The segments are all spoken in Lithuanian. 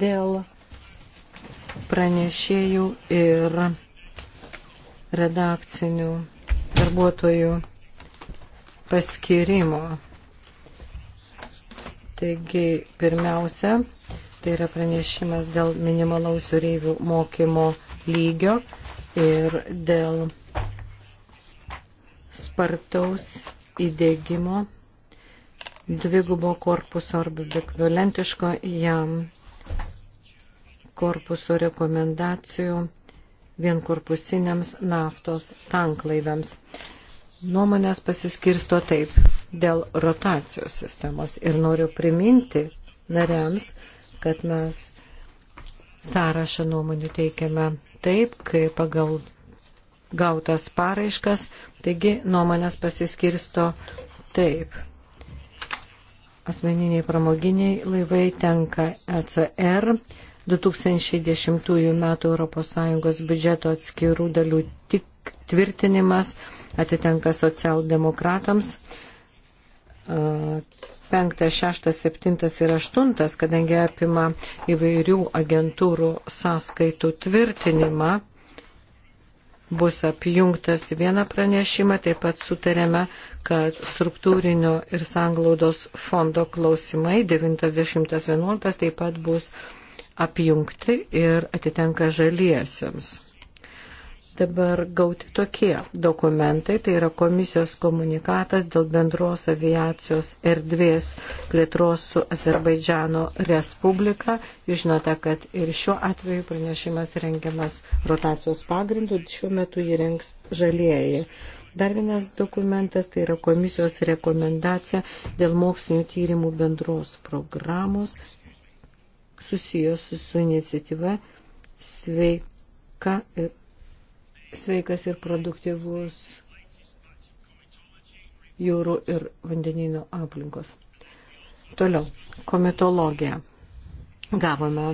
dėl pranešėjų ir redakcinių darbuotojų paskirimo. Taigi, pirmiausia, tai yra pranešimas dėl minimalaus jūreivių mokymo lygio ir dėl spartaus įdėgymo dvigubo korpuso arba ekvivalentiško jam korpuso rekomendacijų vienkorpusiniams naftos tanklaiviams. Nuomonės pasiskirsto taip dėl rotacijos sistemos ir noriu priminti nariams, kad mes sąrašą nuomonių teikiame taip, kai pagal gautas paraiškas, taigi nuomonės pasiskirsto taip. Asmeniniai pramoginiai laivai tenka ECR, 2010 m. ES biudžeto atskirų dalių tik tvirtinimas atitenka socialdemokratams. 5, 6, 7 ir 8, kadangi apima įvairių agentūrų sąskaitų tvirtinimą, bus apjungtas į vieną pranešimą, taip pat sutarėme, kad struktūrinio ir sanglaudos fondo klausimai 90.11 taip pat bus apjungti ir atitenka žaliesiems. Dabar gauti tokie dokumentai, tai yra komisijos komunikatas dėl bendros aviacijos erdvės plėtros su Azerbaidžiano Respublika. Jūs žinote, kad ir šiuo atveju pranešimas rengiamas rotacijos pagrindu, šiuo metu jį rengs žalieji. Dar vienas dokumentas tai yra komisijos rekomendacija dėl mokslinių tyrimų bendros programos susijęs su iniciatyva sveika ir, sveikas ir produktyvus jūrų ir vandenino aplinkos. Toliau, komitologija. Gavome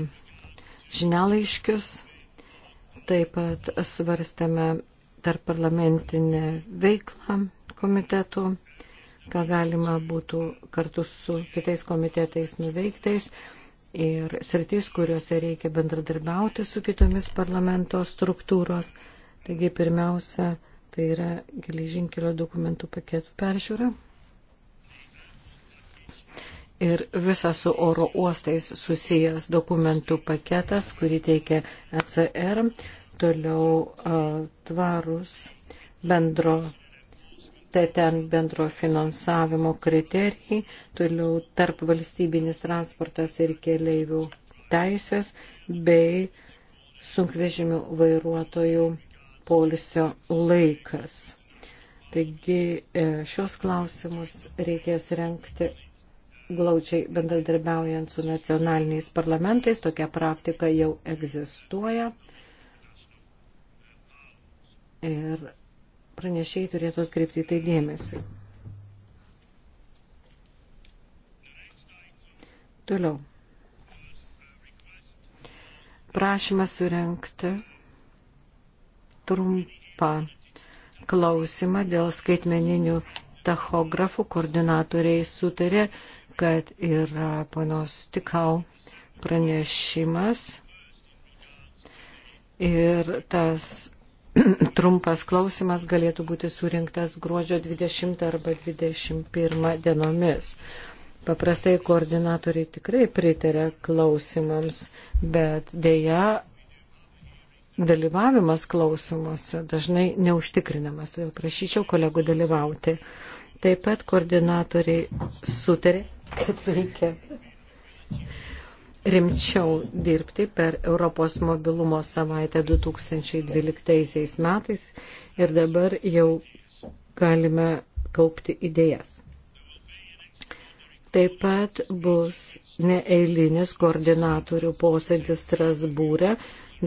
žinialaiškius, taip pat svarstėme tarp parlamentinę veiklą komitetų, ką galima būtų kartu su kitais komitetais nuveiktais ir sritis, kuriuose reikia bendradarbiauti su kitomis parlamento struktūros. Taigi pirmiausia, tai yra geležinkelio dokumentų paketų peržiūra. Ir visas su oro uostais susijęs dokumentų paketas, kurį teikia ECR, toliau uh, tvarus bendro tai ten bendro finansavimo kriterijai, toliau tarp valstybinis transportas ir keleivių teisės bei sunkvežimių vairuotojų polisio laikas. Taigi e, šios klausimus reikės renkti glaučiai bendradarbiaujant su nacionaliniais parlamentais. Tokia praktika jau egzistuoja. Ir pranešėjai turėtų atkreipti į tai dėmesį. Toliau. Prašymas surenkti trumpą klausimą dėl skaitmeninių tachografų. Koordinatoriai sutarė, kad yra ponios Tikau pranešimas ir tas trumpas klausimas galėtų būti surinktas gruodžio 20 arba 21 dienomis. Paprastai koordinatoriai tikrai pritarė klausimams, bet dėja dalyvavimas klausimuose dažnai neužtikrinamas, todėl prašyčiau kolegų dalyvauti. Taip pat koordinatoriai sutarė, kad reikia rimčiau dirbti per Europos mobilumo savaitę 2012 metais ir dabar jau galime kaupti idėjas. Taip pat bus neeilinis koordinatorių posėdis Strasbūrė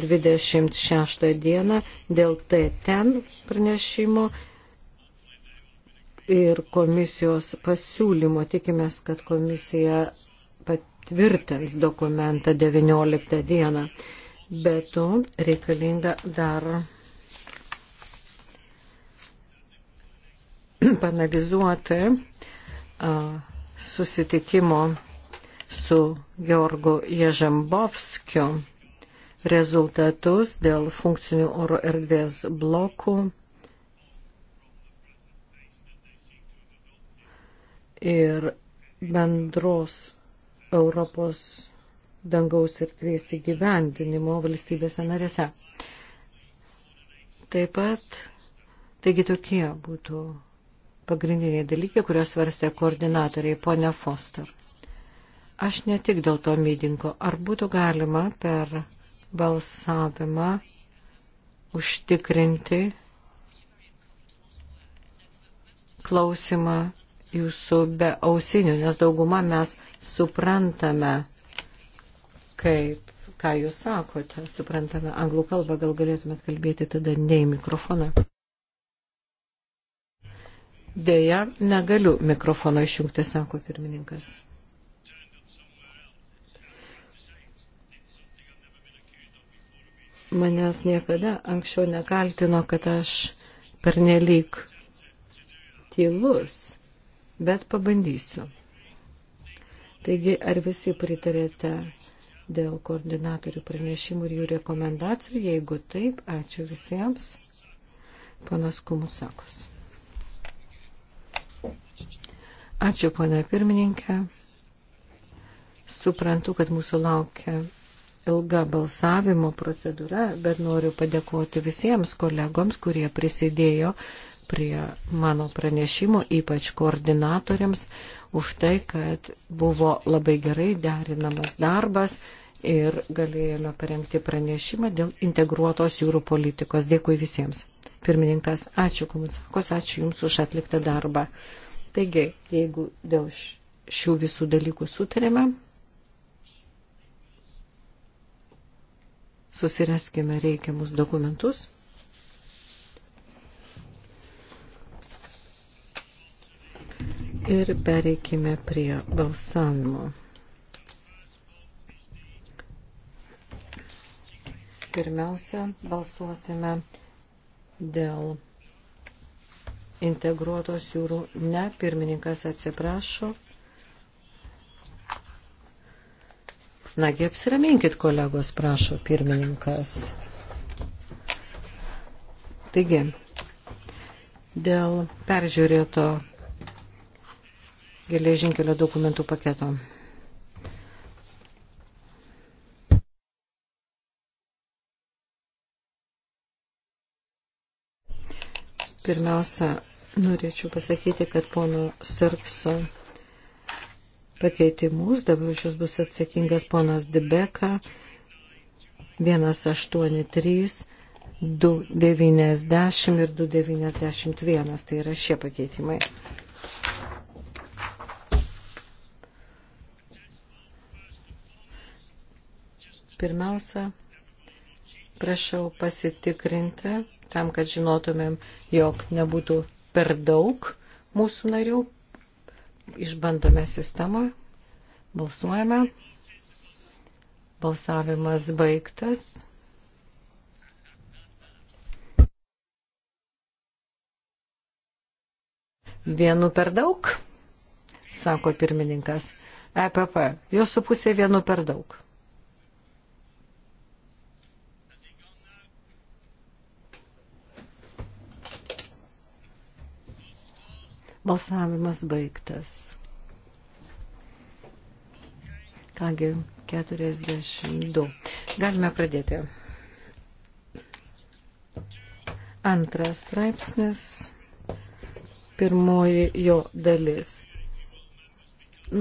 26 dieną dėl T ten pranešimo ir komisijos pasiūlymo. Tikimės, kad komisija patvirtins dokumentą 19 dieną. Be to reikalinga dar panalizuoti susitikimo su Georgu Ježembovskiu rezultatus dėl funkcinių oro erdvės blokų ir bendros Europos dangaus erdvės įgyvendinimo valstybėse narėse. Taip pat, taigi tokie būtų pagrindiniai dalykai, kuriuos svarstė koordinatoriai ponia Foster. Aš ne tik dėl to mydinko, ar būtų galima per balsavimą užtikrinti klausimą jūsų be ausinių, nes dauguma mes suprantame, kaip, ką jūs sakote, suprantame anglų kalbą, gal galėtumėt kalbėti tada ne į mikrofoną. Deja, negaliu mikrofono išjungti, sako pirmininkas. Manęs niekada anksčiau nekaltino, kad aš pernelyg tylus bet pabandysiu. Taigi, ar visi pritarėte dėl koordinatorių pranešimų ir jų rekomendacijų? Jeigu taip, ačiū visiems. Panas Kumusakos. Ačiū, pana pirmininkė. Suprantu, kad mūsų laukia ilga balsavimo procedūra, bet noriu padėkoti visiems kolegoms, kurie prisidėjo prie mano pranešimo, ypač koordinatoriams, už tai, kad buvo labai gerai derinamas darbas ir galėjome parengti pranešimą dėl integruotos jūrų politikos. Dėkui visiems. Pirmininkas, ačiū Komutsakos, ačiū Jums už atliktą darbą. Taigi, jeigu dėl šių visų dalykų sutarėme, susiraskime reikiamus dokumentus. ir pereikime prie balsavimo. Pirmiausia, balsuosime dėl integruotos jūrų. Ne, pirmininkas atsiprašo. Nagi, apsiraminkit, kolegos, prašo pirmininkas. Taigi, dėl peržiūrėto geležinkelio dokumentų paketo. Pirmiausia, norėčiau pasakyti, kad pono Sirkso pakeitimus dabar šis bus atsakingas ponas Dibeka 183. 290 ir 291, tai yra šie pakeitimai. Pirmiausia, prašau pasitikrinti, tam, kad žinotumėm, jog nebūtų per daug mūsų narių. Išbandome sistemą, balsuojame. Balsavimas baigtas. Vienu per daug, sako pirmininkas. EPP, jūsų pusė vienu per daug. Balsavimas baigtas. Kągi, 42. Galime pradėti. Antras straipsnis, pirmoji jo dalis.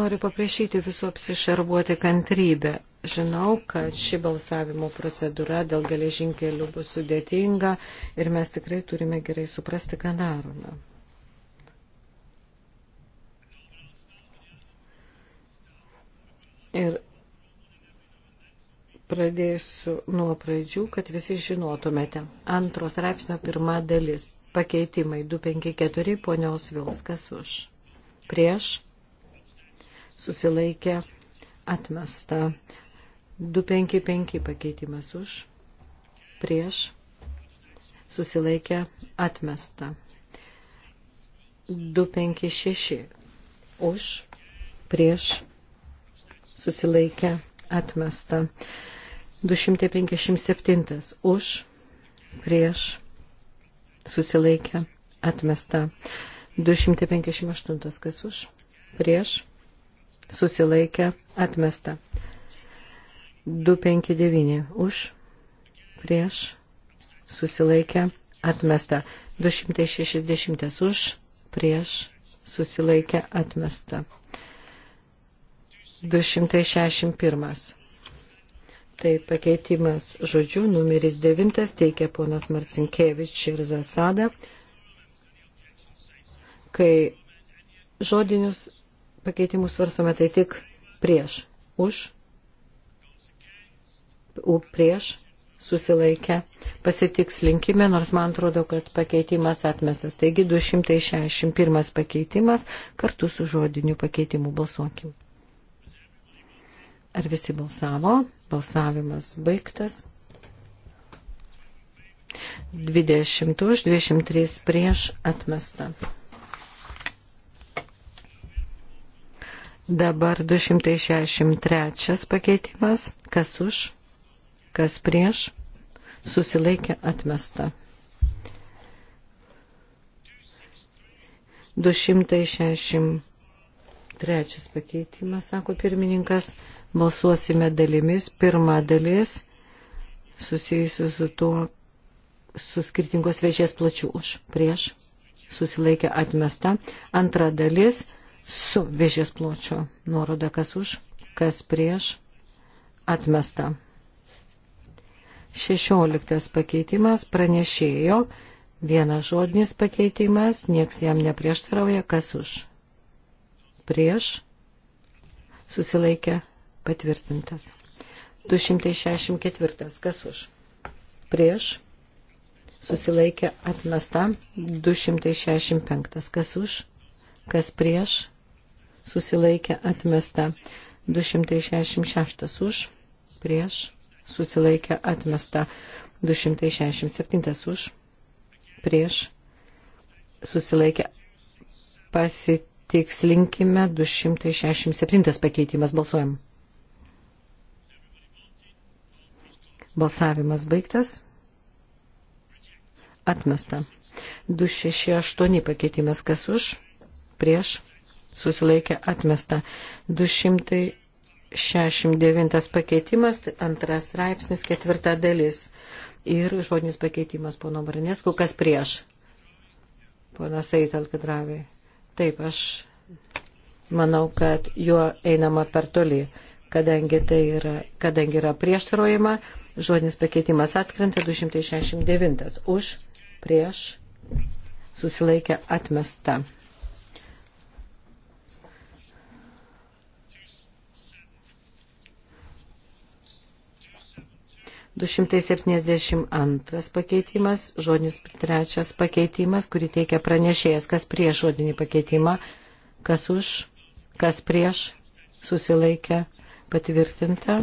Noriu paprašyti visų apsišarbuoti kantrybę. Žinau, kad ši balsavimo procedūra dėl geležinkelių bus sudėtinga ir mes tikrai turime gerai suprasti, ką darome. Ir pradėsiu nuo pradžių, kad visi žinotumėte. Antros straipsnio pirma dalis. Pakeitimai 254 ponios Vilskas už. Prieš susilaikė atmesta. 255 pakeitimas už. Prieš susilaikė atmesta. 256 už. Prieš susilaikę atmesta. 257 už, prieš, susilaikę atmesta. 258 kas už, prieš, susilaikę atmesta. 259 už, prieš, susilaikę atmesta. 260 už, prieš, susilaikę atmesta. 261. Tai pakeitimas žodžių numeris 9 teikia ponas Marcinkievič ir Zasada, kai žodinius pakeitimus svarstome tai tik prieš, už, u, prieš, susilaikę, pasitikslinkime, nors man atrodo, kad pakeitimas atmestas. Taigi 261 pakeitimas kartu su žodiniu pakeitimu balsuokim. Ar visi balsavo? Balsavimas baigtas. 20 už 23 prieš atmestą. Dabar 263 pakeitimas. Kas už, kas prieš, susilaikė atmestą. 263 pakeitimas, sako pirmininkas, balsuosime dalimis. Pirma dalis susijusi su tuo, su skirtingos vėžės plačių už, prieš, susilaikė atmesta. Antra dalis su vėžės pločio nuoroda, kas už, kas prieš, atmesta. Šešioliktas pakeitimas pranešėjo, vienas žodinis pakeitimas, nieks jam neprieštarauja, kas už, prieš, susilaikė Patvirtintas. 264. Kas už? Prieš. Susilaikė atmesta. 265. Kas už? Kas prieš? Susilaikė atmesta. 266 už. Prieš. Susilaikė atmesta. 267 už. Prieš. Susilaikė pasitikslinkime. 267 pakeitimas. Balsuojam. Balsavimas baigtas. Atmesta. 268 pakeitimas kas už, prieš, susilaikė atmesta. 269 pakeitimas, antras straipsnis, ketvirta dalis. Ir žodinis pakeitimas pono Baranesku, kas prieš. Ponas Eital Kadravai. Taip, aš manau, kad juo einama per toli, kadangi, tai yra, kadangi yra prieštarojama Žodinis pakeitimas atkrenta 269. Už, prieš, susilaikė atmesta. Du šimtai septyniasdešimt antras pakeitimas, žodinis trečias pakeitimas, kurį teikia pranešėjas, kas prieš žodinį pakeitimą, kas už, kas prieš, susilaikė patvirtinta.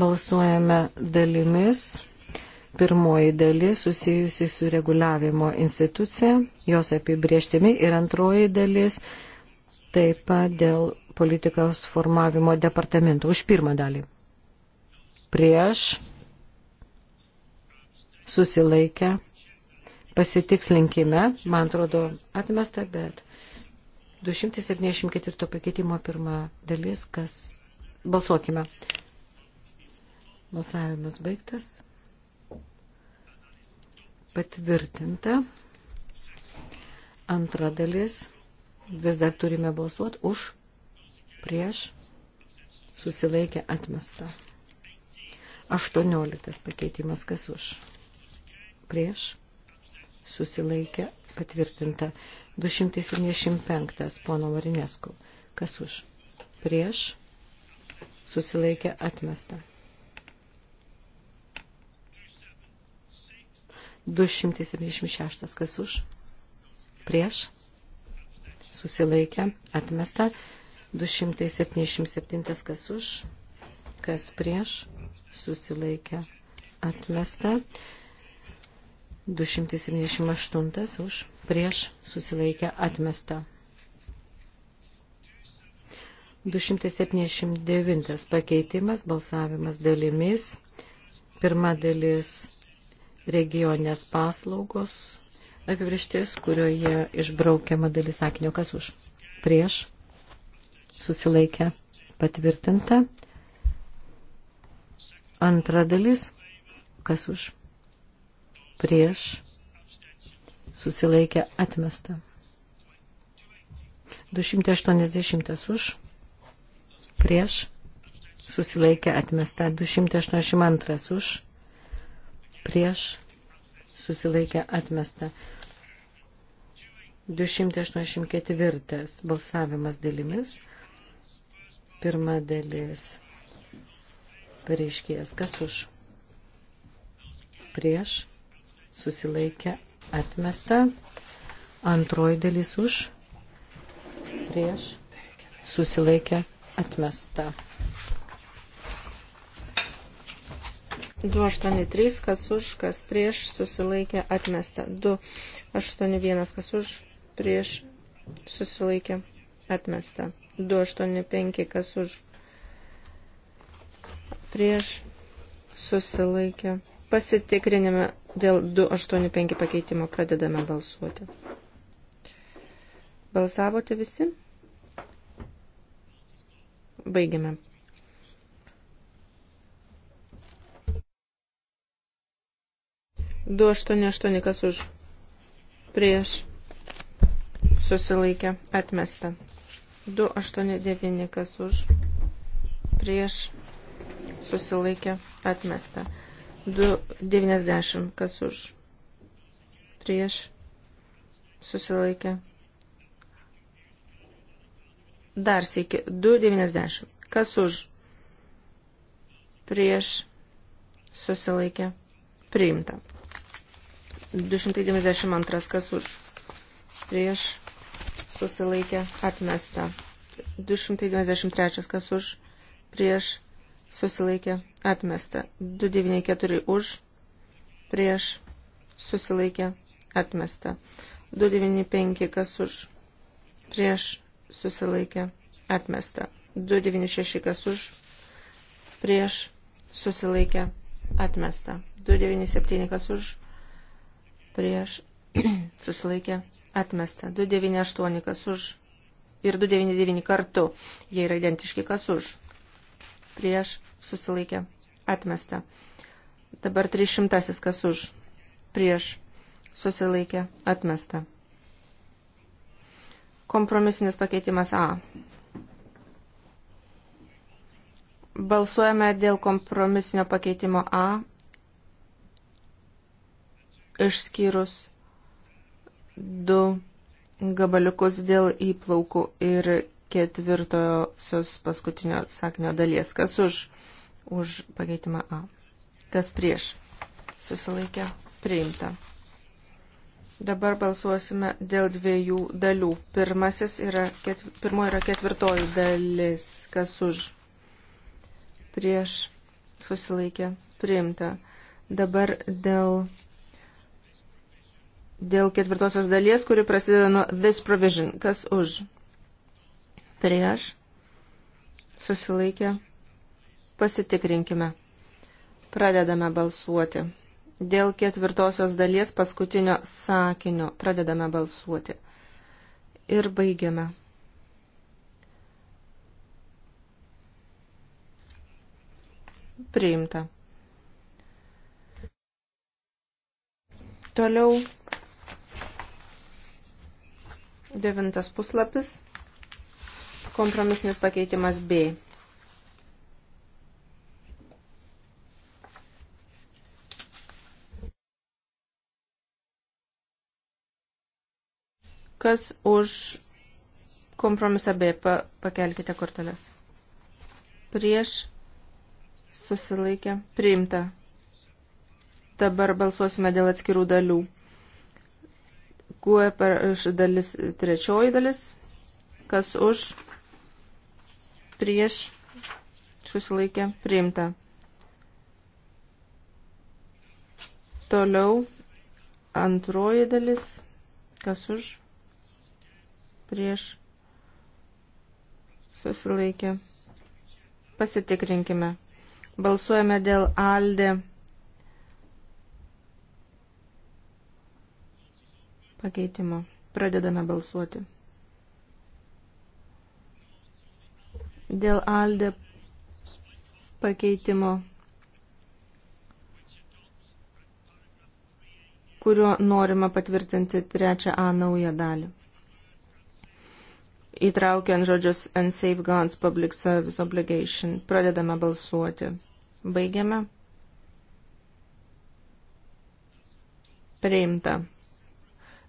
Balsuojame dalimis. Pirmoji dalis susijusi su reguliavimo institucija, jos apibrieštimi ir antroji dalis taip pat dėl politikos formavimo departamento. Už pirmą dalį. Prieš susilaikę. Pasitikslinkime, man atrodo, atmesta, bet 274 pakeitimo pirma dalis, kas balsuokime. Balsavimas baigtas. Patvirtinta. Antra dalis. Vis dar turime balsuoti už, prieš, susilaikę atmestą. 18 pakeitimas kas už. Prieš susilaikė patvirtinta 275 pono Marinesku. Kas už. Prieš susilaikė atmesta. 276. Kas už? Prieš? Susilaikė. Atmesta. 277. Kas už? Kas prieš? Susilaikė. Atmesta. 278 už prieš susilaikę atmestą. 279 pakeitimas, balsavimas dalimis. Pirma dalis regioninės paslaugos apibrištis, kurioje išbraukiama dalis sakinio, kas už prieš susilaikė patvirtinta. Antra dalis, kas už prieš susilaikė atmesta. 280 už prieš susilaikė atmesta. 282 už prieš susilaikė atmesta. 284 balsavimas dalimis. Pirma dalis pareiškėjas. Kas už? Prieš susilaikė atmesta. Antroji dalis už. Prieš susilaikė atmesta. 283, kas už, kas prieš, susilaikė, atmesta. 281, kas už, prieš, susilaikė, atmesta. 285, kas už, prieš, susilaikė. Pasitikrinime dėl 285 pakeitimo pradedame balsuoti. Balsavote visi? Baigiame 288 kas už prieš susilaikė atmesta. 289 kas už prieš susilaikė atmesta. 290 kas už prieš susilaikė. Dar sėki 290 kas už prieš susilaikė priimta. 292 kas už prieš susilaikė atmesta. 293 kas už prieš susilaikė atmesta. 294 už prieš susilaikė atmesta. 295 kas už prieš susilaikė atmesta. 296 kas už prieš susilaikė atmesta. 297 kas už prieš susilaikė atmesta. 298 kas už ir 299 kartu. Jie yra identiški kas už. Prieš susilaikė atmesta. Dabar 300 kas už. Prieš susilaikė atmesta. Kompromisinis pakeitimas A. Balsuojame dėl kompromisinio pakeitimo A išskyrus du gabaliukus dėl įplaukų ir ketvirtosios paskutinio sakinio dalies. Kas už, už pakeitimą A? Kas prieš? Susilaikė priimta. Dabar balsuosime dėl dviejų dalių. Pirmasis yra, ketv... pirmoji yra ketvirtoji dalis. Kas už? Prieš susilaikė priimta. Dabar dėl dėl ketvirtosios dalies, kuri prasideda nuo this provision. Kas už? Prieš. Susilaikė. Pasitikrinkime. Pradedame balsuoti. Dėl ketvirtosios dalies paskutinio sakinio pradedame balsuoti. Ir baigiame. Priimta. Toliau Devintas puslapis. Kompromisinis pakeitimas B. Kas už kompromisą B? Pa, pakelkite korteles. Prieš susilaikė priimta. Dabar balsuosime dėl atskirų dalių. Kuo per dalis, trečioji dalis, kas už, prieš, susilaikė, priimta. Toliau antroji dalis, kas už, prieš, susilaikė. Pasitikrinkime. Balsuojame dėl Aldė pakeitimo. Pradedame balsuoti. Dėl Alde pakeitimo, kuriuo norima patvirtinti trečią A naują dalį. Įtraukiant žodžius and safeguards public service obligation. Pradedame balsuoti. Baigiame. Priimta.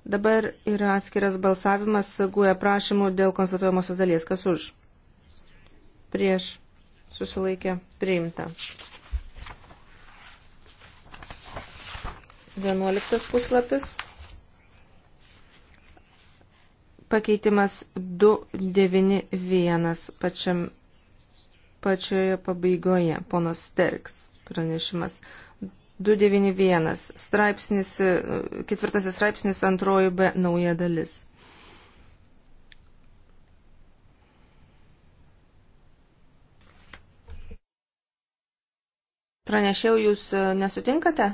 Dabar yra atskiras balsavimas guoja prašymų dėl konstatuojamosios dalies. Kas už? Prieš susilaikė priimta. 11 puslapis. Pakeitimas 291 pačiam, pačioje pabaigoje. Ponos Sterks pranešimas. 291 straipsnis, e, ketvirtasis straipsnis antroji B nauja dalis. Pranešiau, jūs e, nesutinkate?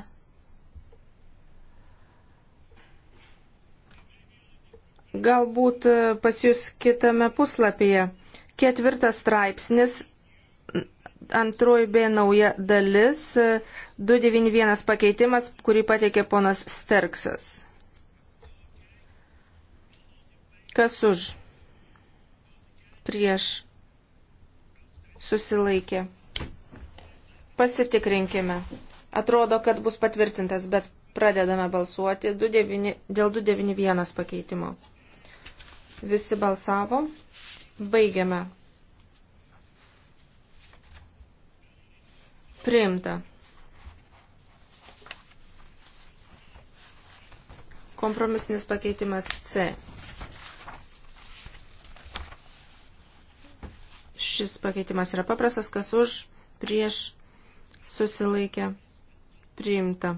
Galbūt e, pas jūs kitame puslapyje. Ketvirtas straipsnis Antroji B nauja dalis, 291 e, pakeitimas, kurį pateikė ponas Sterksas. Kas už? Prieš. Susilaikė. Pasitikrinkime. Atrodo, kad bus patvirtintas, bet pradedame balsuoti 29, dėl 291 pakeitimo. Visi balsavo. Baigiame Priimta. Kompromisinis pakeitimas C. Šis pakeitimas yra paprastas, kas už, prieš, susilaikė, priimta.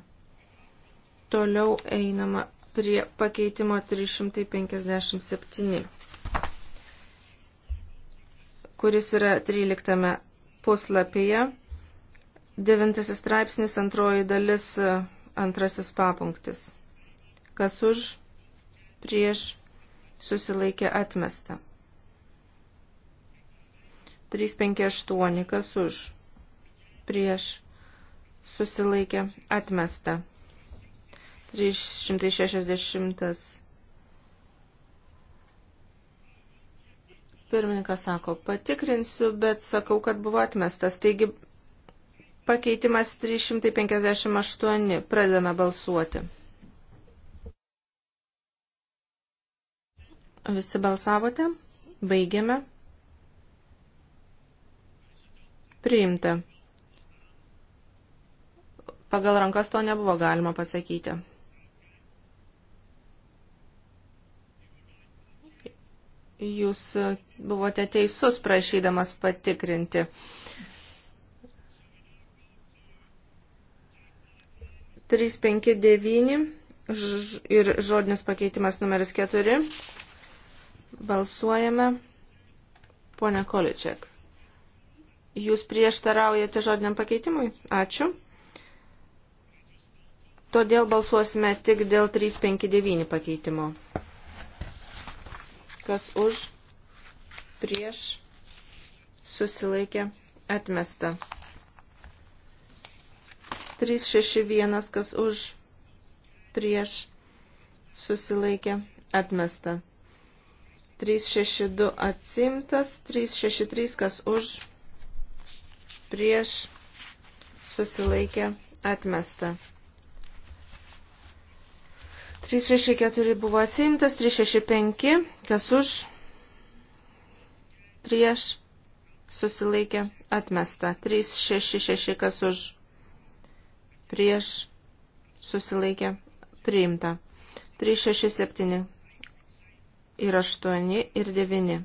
Toliau einama prie pakeitimo 357, kuris yra 13 puslapyje. Devintasis straipsnis, antroji dalis, antrasis papunktis. Kas už, prieš, susilaikė atmesta. 358, kas už, prieš, susilaikė atmesta. 360. Pirmininkas sako, patikrinsiu, bet sakau, kad buvo atmestas. Taigi Pakeitimas 358. Pradedame balsuoti. Visi balsavote? Baigiame. Priimta. Pagal rankas to nebuvo galima pasakyti. Jūs buvote teisus prašydamas patikrinti. 359 ir žodinis pakeitimas numeris 4. Balsuojame. Pone Količek, jūs prieštaraujate žodiniam pakeitimui? Ačiū. Todėl balsuosime tik dėl 359 pakeitimo. Kas už, prieš, susilaikė, atmesta. 361, kas už, prieš, susilaikė, atmesta. 362 atsimtas, 363, kas už, prieš, susilaikė, atmesta. 364 buvo atsimtas, 365, kas už, prieš, susilaikė, atmesta. 366, kas už, prieš susilaikė priimta. 3, 6, 7 ir 8 ir 9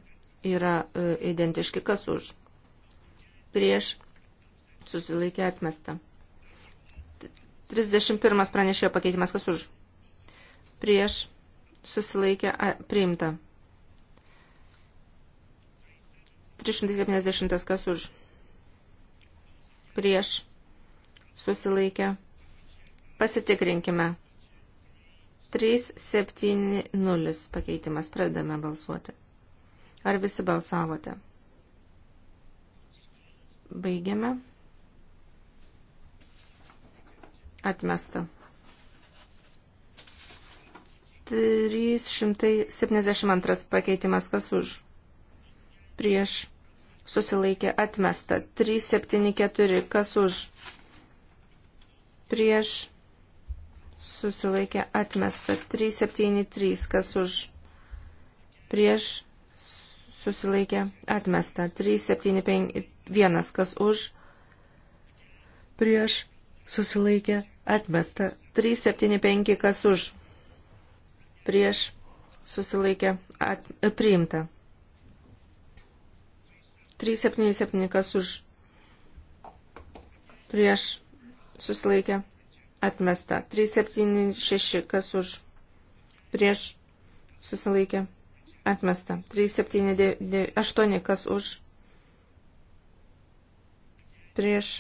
yra e, identiški kas už. Prieš susilaikė atmesta. 31 pranešėjo pakeitimas kas už. Prieš susilaikė priimta. 370 kas už. Prieš susilaikė. Pasitikrinkime. 370 pakeitimas. Pradedame balsuoti. Ar visi balsavote? Baigiame. Atmesta. 372 pakeitimas kas už. Prieš. Susilaikė atmesta. 374 kas už prieš susilaikė atmesta. 373, kas už prieš susilaikė atmesta. 371, kas už prieš susilaikė atmesta. 375, kas už prieš susilaikė at, priimta. 377, kas už prieš susilaikė atmesta. 376 kas už prieš susilaikė atmesta. 378 kas už prieš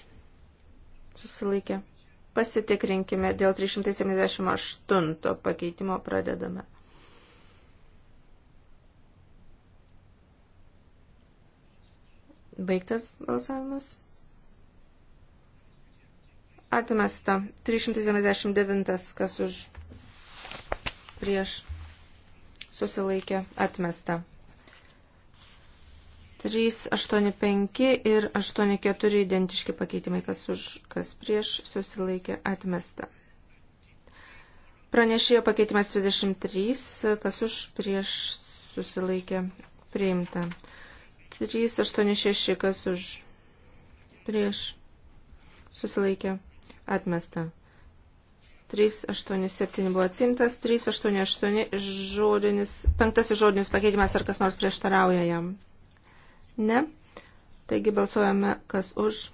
susilaikė. Pasitikrinkime dėl 378 pakeitimo pradedame. Baigtas balsavimas. Atmesta. 379. Kas už? Prieš. Susilaikė. Atmesta. 385 ir 84 identiški pakeitimai. Kas už? Kas prieš? Susilaikė. Atmesta. Pranešėjo pakeitimas 33. Kas už? Prieš. Susilaikė. Priimta. 386. Kas už? Prieš susilaikė atmesta. 387 buvo atsimtas, 388 žodinis, penktasis žodinis pakeitimas, ar kas nors prieštarauja jam. Ne. Taigi balsuojame, kas už,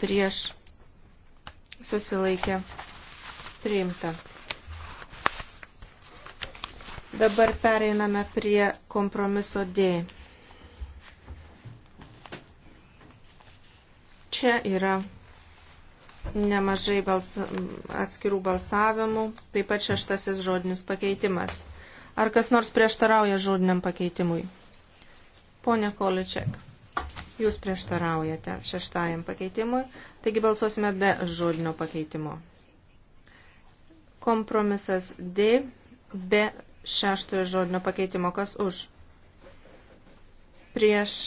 prieš, susilaikė, priimta. Dabar pereiname prie kompromiso D. Čia yra nemažai balsa, atskirų balsavimų, taip pat šeštasis žodinis pakeitimas. Ar kas nors prieštarauja žodiniam pakeitimui? Pone Količek, jūs prieštaraujate šeštajam pakeitimui, taigi balsuosime be žodinio pakeitimo. Kompromisas D be šeštojo žodinio pakeitimo. Kas už? Prieš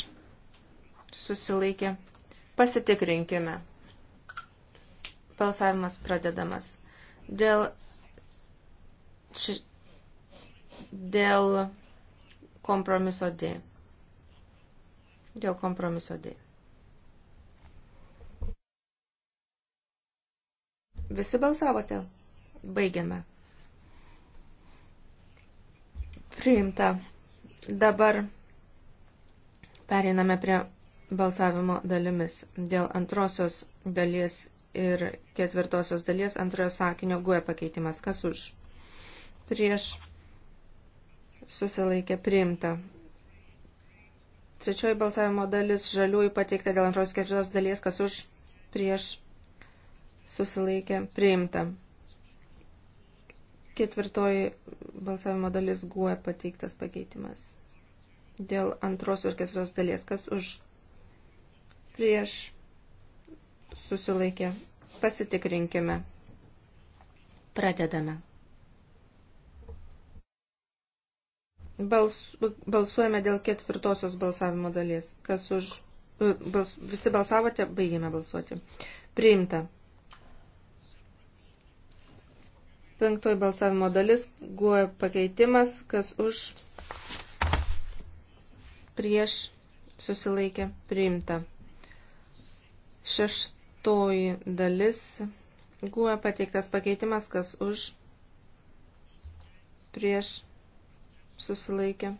susilaikė. Pasitikrinkime. Balsavimas pradedamas. Dėl, či, dėl kompromiso D. Dėl kompromiso D. Visi balsavote? Baigiame. Priimta. Dabar pereiname prie balsavimo dalimis. Dėl antrosios dalies ir ketvirtosios dalies antrojo sakinio guoja pakeitimas. Kas už? Prieš susilaikė priimta. Trečioji balsavimo dalis žaliųjų pateikta dėl antros ketvirtos dalies, kas už prieš susilaikė priimta. Ketvirtoji balsavimo dalis guoja pateiktas pakeitimas. Dėl antros ir ketvirtos dalies, kas už prieš susilaikė. Pasitikrinkime. Pradedame. Balsu, balsuojame dėl ketvirtosios balsavimo dalies. Kas už... E, bals, visi balsavote, baigėme balsuoti. Priimta. Penktoji balsavimo dalis, guoja pakeitimas, kas už prieš susilaikė priimta. Šešt, Penktoji dalis. Guoja pateiktas pakeitimas, kas už, prieš, susilaikė,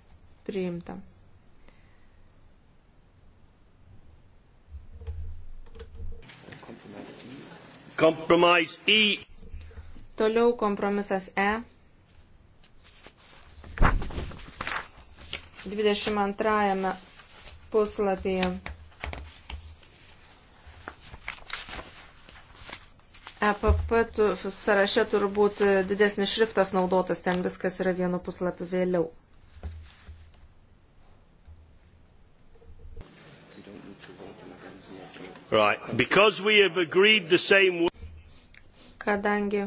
priimta. Compromise E. Toliau kompromisas E. 22 puslapyje EPP sąraše turbūt didesnis šriftas naudotas, ten viskas yra vienu puslapiu vėliau. Right. Because we have agreed the same Kadangi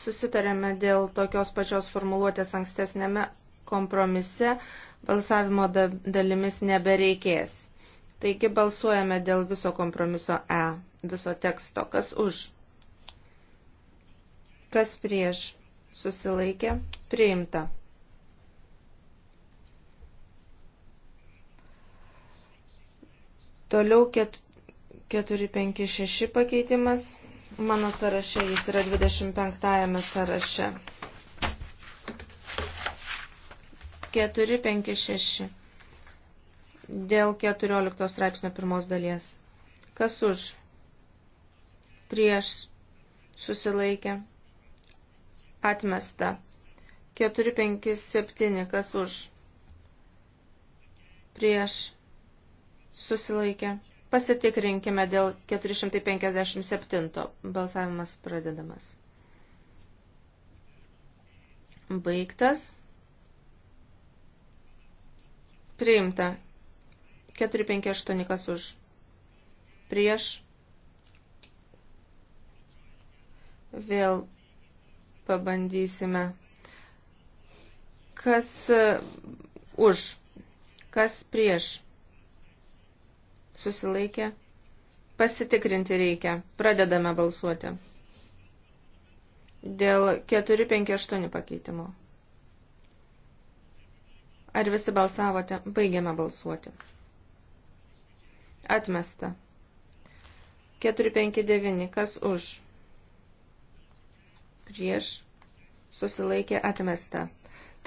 susitarėme dėl tokios pačios formuluotės ankstesnėme kompromise, balsavimo dalimis nebereikės. Taigi balsuojame dėl viso kompromiso E, viso teksto. Kas už? Kas prieš? Susilaikė. Priimta. Toliau 456 pakeitimas. Mano sąraše jis yra 25 sąraše. 456. Dėl 14 straipsnio pirmos dalies. Kas už? Prieš susilaikė atmesta. 457 kas už prieš susilaikė. Pasitikrinkime dėl 457 balsavimas pradedamas. Baigtas. Priimta. 458 kas už. Prieš. Vėl Pabandysime. Kas e, už? Kas prieš? Susilaikė? Pasitikrinti reikia. Pradedame balsuoti. Dėl 458 pakeitimo. Ar visi balsavote? Baigiame balsuoti. Atmesta. 459. Kas už? prieš susilaikė atmesta.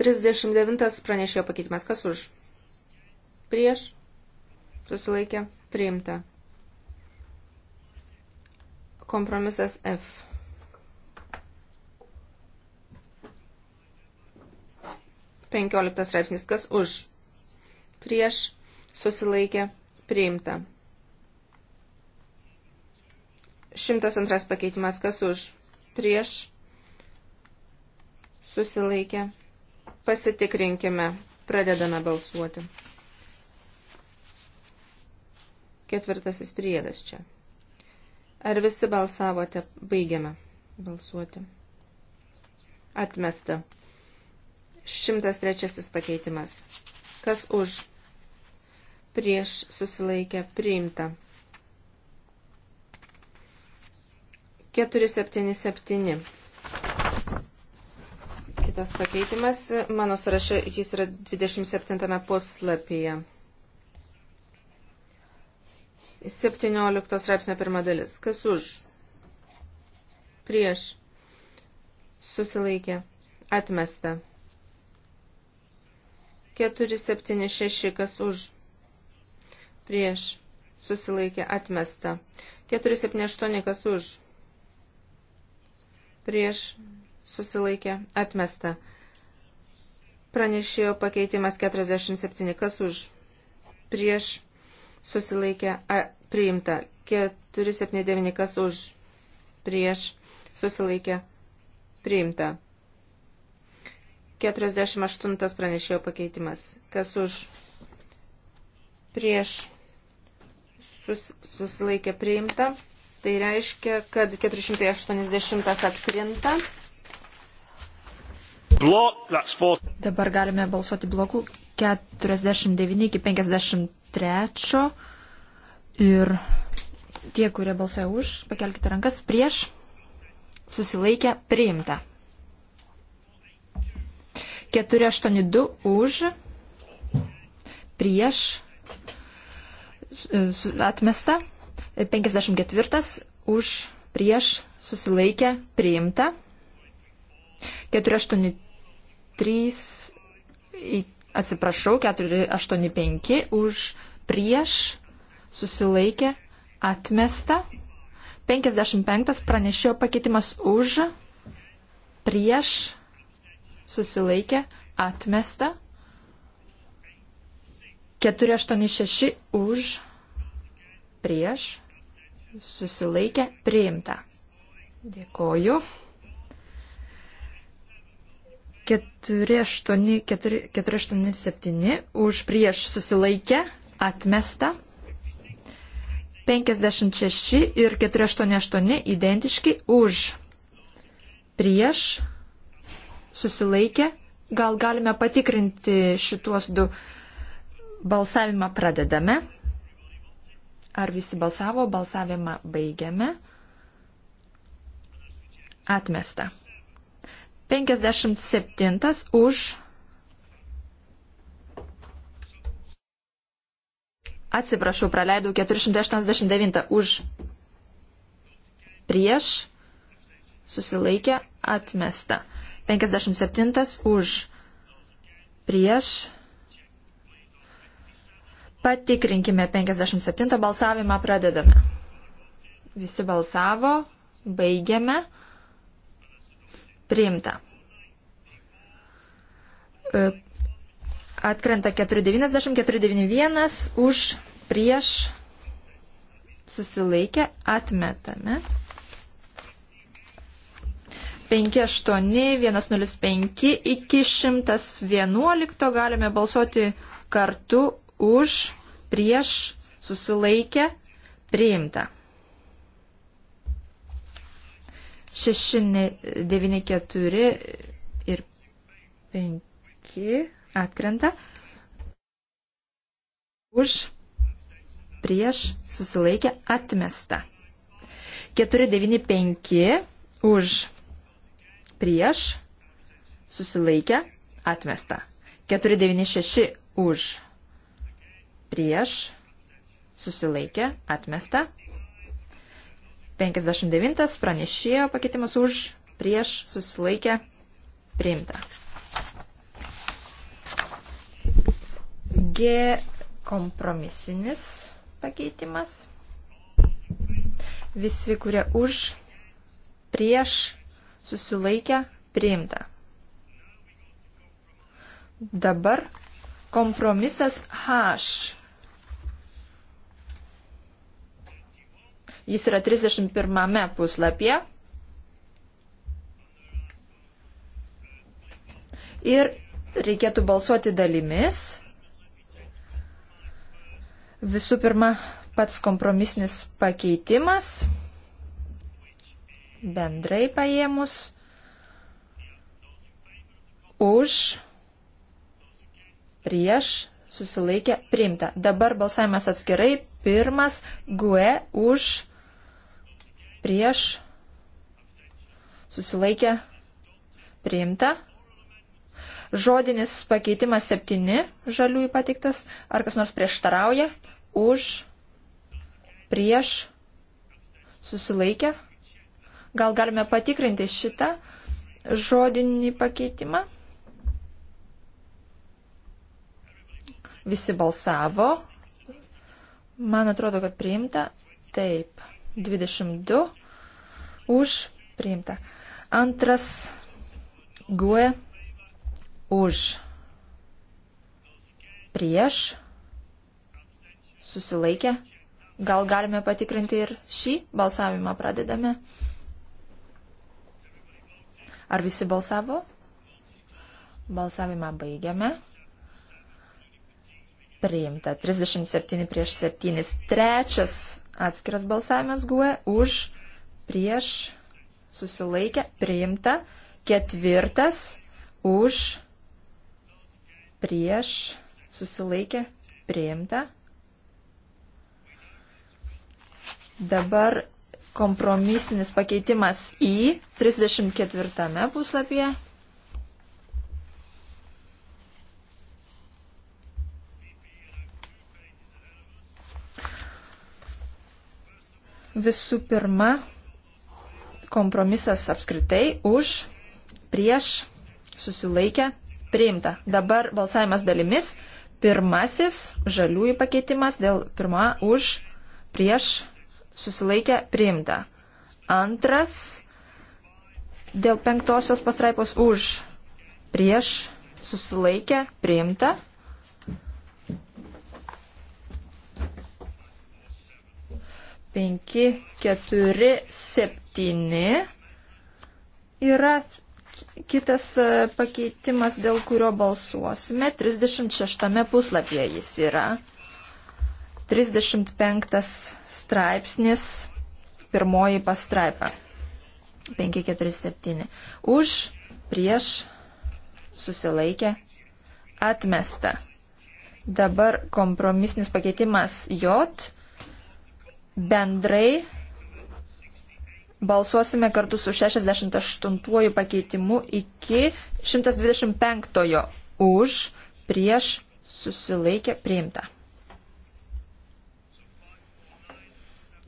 39 pranešėjo pakeitimas. Kas už? Prieš susilaikė priimta. Kompromisas F. Penkioliktas straipsnis. Kas už? Prieš susilaikė priimta. 102 pakeitimas. Kas už? Prieš susilaikė. Pasitikrinkime. Pradedame balsuoti. Ketvirtasis priedas čia. Ar visi balsavote? Baigiame balsuoti. Atmesta. 103 pakeitimas. Kas už? Prieš susilaikę priimta. 477. Kitas pakeitimas, mano sąraše jis yra 27 puslapyje. 17 straipsnio pirma dalis. Kas už? Prieš. Susilaikė. Atmesta. 476. Kas už? Prieš. Susilaikė. Atmesta. 478. Kas už? Prieš susilaikė, atmesta. Pranešėjo pakeitimas 47, kas už, prieš, susilaikė, a, priimta. 479, kas už, prieš, susilaikė, priimta. 48 pranešėjo pakeitimas, kas už, prieš, sus, susilaikė, priimta. Tai reiškia, kad 480 atkrinta block, Dabar galime balsuoti blokų 49 iki 53. Ir tie, kurie balsuoja už, pakelkite rankas prieš, susilaikę, priimta. 482 už, prieš, e, atmesta, 54 už, prieš, susilaikę, priimta. 483 3, atsiprašau, 485 už prieš susilaikė atmesta. 55 pranešėjo pakeitimas už prieš susilaikė atmesta. 486 už prieš susilaikė priimta. Dėkoju. 487 už prieš susilaikę atmesta. 56 ir 488 identiški už prieš susilaikę. Gal galime patikrinti šituos du balsavimą pradedame. Ar visi balsavo, balsavimą baigiame. Atmesta. 57 už. Atsiprašau, praleidau 489 už. Prieš. Susilaikė. Atmesta. 57 už. Prieš. Patikrinkime 57 balsavimą, pradedame. Visi balsavo, baigiame priimta. E, atkrenta 490, 491 už prieš susilaikę atmetame. 58, 105 iki 111 galime balsuoti kartu už prieš susilaikę priimta. 6, 9, 4 ir 5 atkrenta. Už, prieš, susilaikė, atmesta. 4, 9, 5 už, prieš, susilaikė, atmesta. 4, 9, 6 už, prieš, susilaikė, atmesta. 59 pranešėjo pakeitimas už, prieš, susilaikė, priimta. G kompromisinis pakeitimas. Visi, kurie už, prieš, susilaikę, priimta. Dabar kompromisas H Jis yra 31 puslapyje. Ir reikėtų balsuoti dalimis. Visų pirma, pats kompromisnis pakeitimas bendrai paėmus už prieš susilaikę priimta. Dabar balsavimas atskirai. Pirmas GUE už prieš, susilaikė, priimta. Žodinis pakeitimas 7, žaliųjų patiktas, ar kas nors prieštarauja, už, prieš, susilaikė. Gal galime patikrinti šitą žodinį pakeitimą? Visi balsavo. Man atrodo, kad priimta. Taip. 22 už priimta. Antras gue už prieš susilaikę. Gal galime patikrinti ir šį balsavimą pradedame. Ar visi balsavo? Balsavimą baigiame. Priimta 37 prieš 7. Trečias Atskiras balsavimas GUE už, prieš, susilaikę, priimta. Ketvirtas už, prieš, susilaikę, priimta. Dabar kompromisinis pakeitimas į 34 puslapyje. Visų pirma, kompromisas apskritai už, prieš, susilaikę, priimta. Dabar balsavimas dalimis. Pirmasis žaliųjų pakeitimas dėl pirma už, prieš, susilaikę, priimta. Antras dėl penktosios pastraipos už, prieš, susilaikę, priimta. 5, 4, 7 yra kitas e, pakeitimas, dėl kurio balsuosime. 36 puslapyje jis yra. 35 straipsnis, pirmoji pastraipa. 5, 4, 7. Už, prieš, susilaikė, atmesta. Dabar kompromisnis pakeitimas J bendrai balsuosime kartu su 68 pakeitimu iki 125 už prieš susilaikę priimta.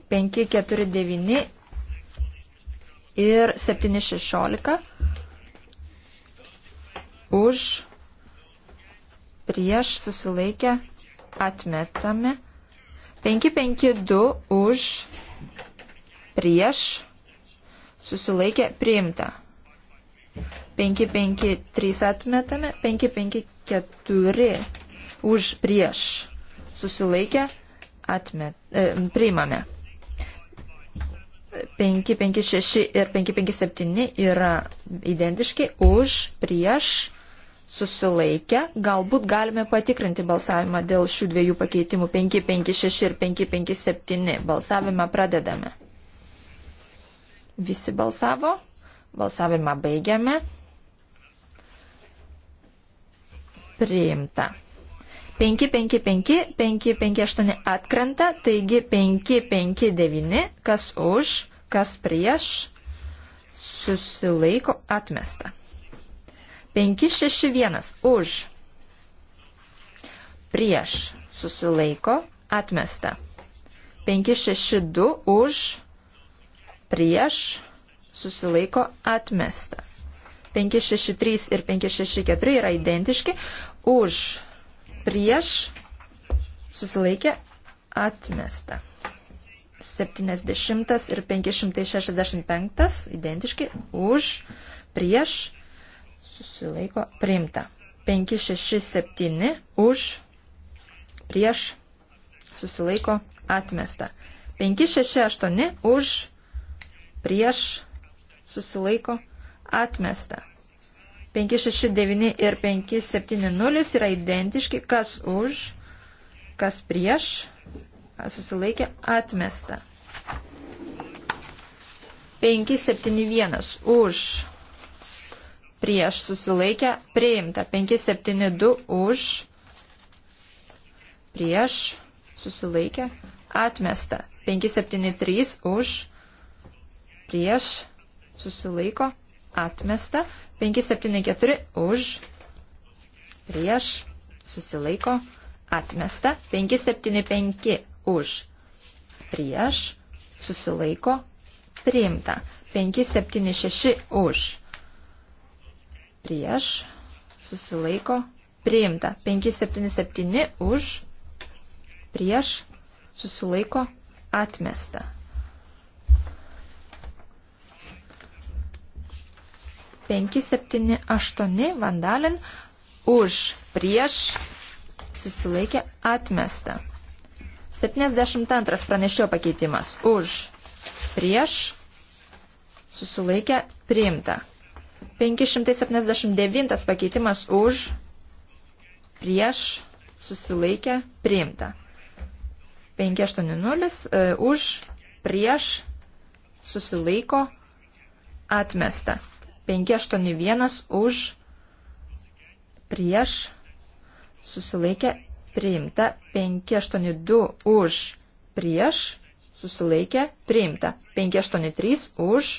5, 4, 9 ir 7, 16 už prieš susilaikę atmetame. 552 už, prieš, susilaikė, priimta. 553 atmetame, 554 už, prieš, susilaikė, atmet, e, priimame. 556 ir 557 yra identiški už, prieš, susilaikę. Galbūt galime patikrinti balsavimą dėl šių dviejų pakeitimų 556 ir 557. Balsavimą pradedame. Visi balsavo. Balsavimą baigiame. Priimta. 555, 558 atkrenta, taigi 559, kas už, kas prieš, susilaiko atmesta. 561 už. Prieš susilaiko atmesta. 562 už. Prieš susilaiko atmesta. 563 ir 564 yra identiški. Už. Prieš susilaikė atmesta. 70 ir 565 identiški. Už. Prieš susilaiko priimta. 5, 6, 7 už, prieš, susilaiko atmesta. 5, 6, 8 už, prieš, susilaiko atmesta. 5, 6, 9 ir 5, 7, 0 yra identiški, kas už, kas prieš, susilaikė atmesta. 5, 7, 1 už prieš susilaikę priimta. 572 už prieš susilaikę atmesta. 573 už prieš susilaiko atmesta. 574 už prieš susilaiko atmesta. 575 už prieš susilaiko priimta. 576 už prieš, susilaiko, priimta. 577 už, prieš, susilaiko, atmesta. 578 vandalin už, prieš, susilaikė, atmesta. 72 pranešio pakeitimas už, prieš, susilaikė, priimta. 579 pakeitimas už, prieš, susilaikė, priimta. 580 e, už, prieš, susilaiko, atmesta. 581 už, prieš, susilaikė, priimta. 582 už, prieš, susilaikė, priimta. 583 už,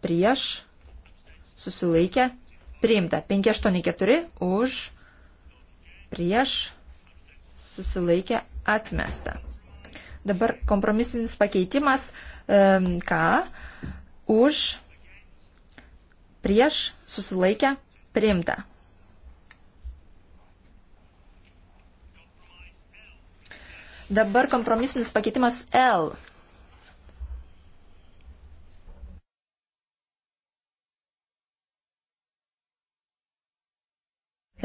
prieš, susilaikė, priimta. 584 už, prieš, susilaikė, atmesta. Dabar kompromisinis pakeitimas, ką, už, prieš, susilaikė, priimta. Dabar kompromisinis pakeitimas L.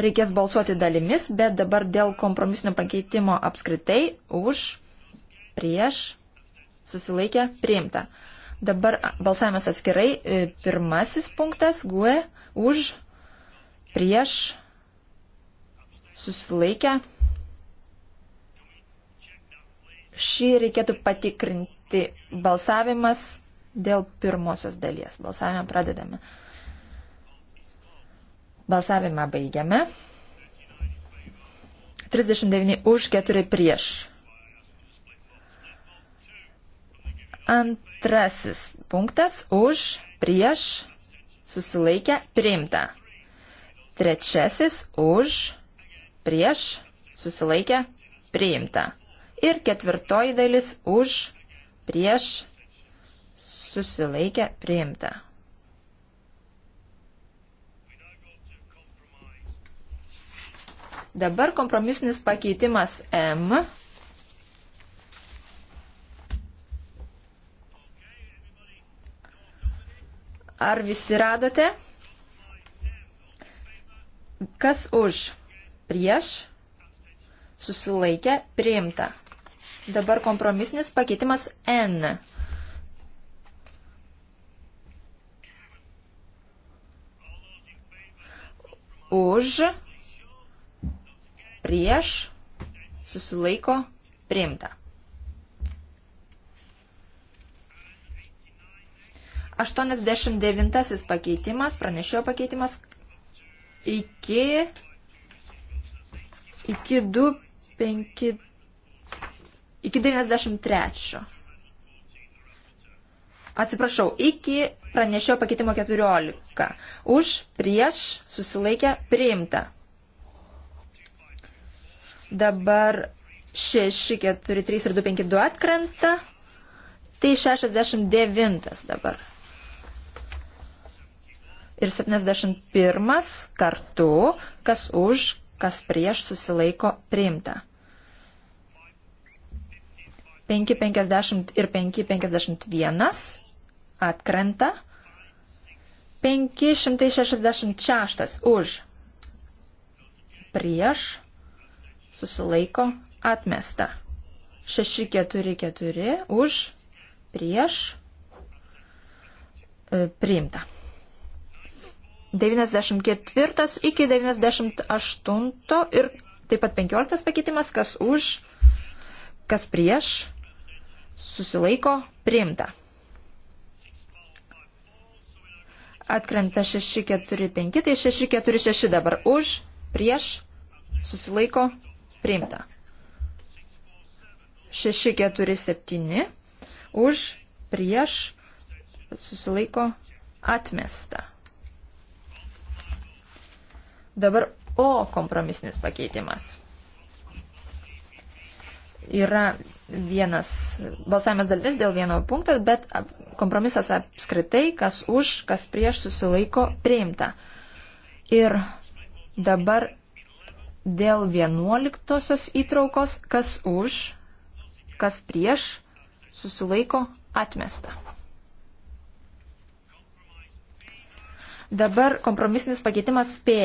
reikės balsuoti dalimis, bet dabar dėl kompromisinio pakeitimo apskritai už, prieš, susilaikę, priimta. Dabar balsavimas atskirai. E, pirmasis punktas - GUE už, prieš, susilaikę. Šį reikėtų patikrinti balsavimas dėl pirmosios dalies. Balsavimą pradedame. Balsavimą baigiame. 39 už, 4 prieš. Antrasis punktas už, prieš, susilaikę, priimta. Trečiasis už, prieš, susilaikę, priimta. Ir ketvirtoji dalis už, prieš, susilaikę, priimta. Dabar kompromisinis pakeitimas M. Ar visi radote? Kas už? Prieš? Susilaikę? Priimta. Dabar kompromisinis pakeitimas N. Už prieš, susilaiko, priimta. 89 pakeitimas, pranešėjo pakeitimas iki, iki 2, 5, iki 93. Atsiprašau, iki pranešėjo pakeitimo 14. Už, prieš, susilaikę, priimta. Dabar 6, 4, 3 ir 2, 5, 2 atkrenta. Tai 69 dabar. Ir 71 kartu, kas už, kas prieš susilaiko priimta. 5.50 ir 5.51 atkrenta. 566 už prieš susilaiko atmesta. 644 už, prieš, e, priimta. 94 iki 98 ir taip pat 15 pakeitimas, kas už, kas prieš, susilaiko, priimta. Atkrenta 645, tai 646 dabar už, prieš, susilaiko, Priimta. 647 už prieš susilaiko atmesta. Dabar O kompromisinis pakeitimas. Yra vienas balsavimas dalis dėl vieno punkto, bet kompromisas apskritai, kas už, kas prieš susilaiko priimta. Ir dabar dėl vienuoliktosios įtraukos, kas už, kas prieš, susilaiko atmesta. Dabar kompromisinis pakeitimas P.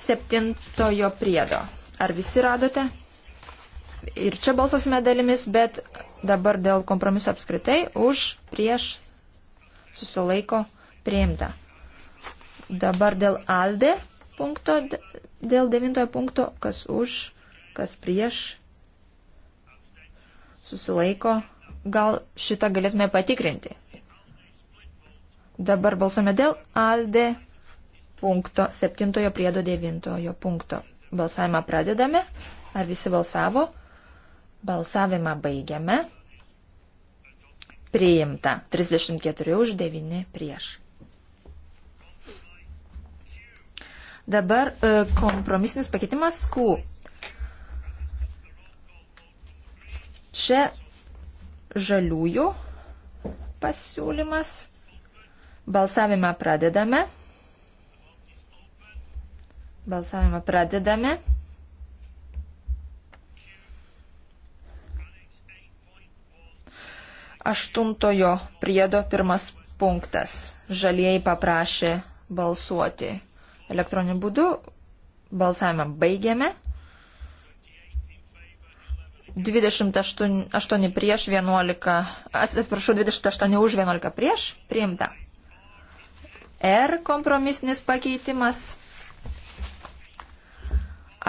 Septintojo priedo. Ar visi radote? Ir čia balsasime dalimis, bet dabar dėl kompromiso apskritai už, prieš, susilaiko atmesta priimta. Dabar dėl ALDE punkto, dėl devintojo punkto, kas už, kas prieš, susilaiko, gal šitą galėtume patikrinti. Dabar balsuome dėl ALDE punkto, septintojo priedo devintojo punkto. Balsavimą pradedame. Ar visi balsavo? Balsavimą baigiame. Priimta. 34 už 9 prieš. Dabar e, kompromisinis pakeitimas Q. Čia žaliųjų pasiūlymas. Balsavimą pradedame. Balsavimą pradedame. Aštuntojo priedo pirmas punktas. Žalieji paprašė balsuoti elektroniniu būdu. Balsavimą baigėme. 28 prieš 11, atsiprašau, 28 už 11 prieš, priimta. R kompromisinis pakeitimas.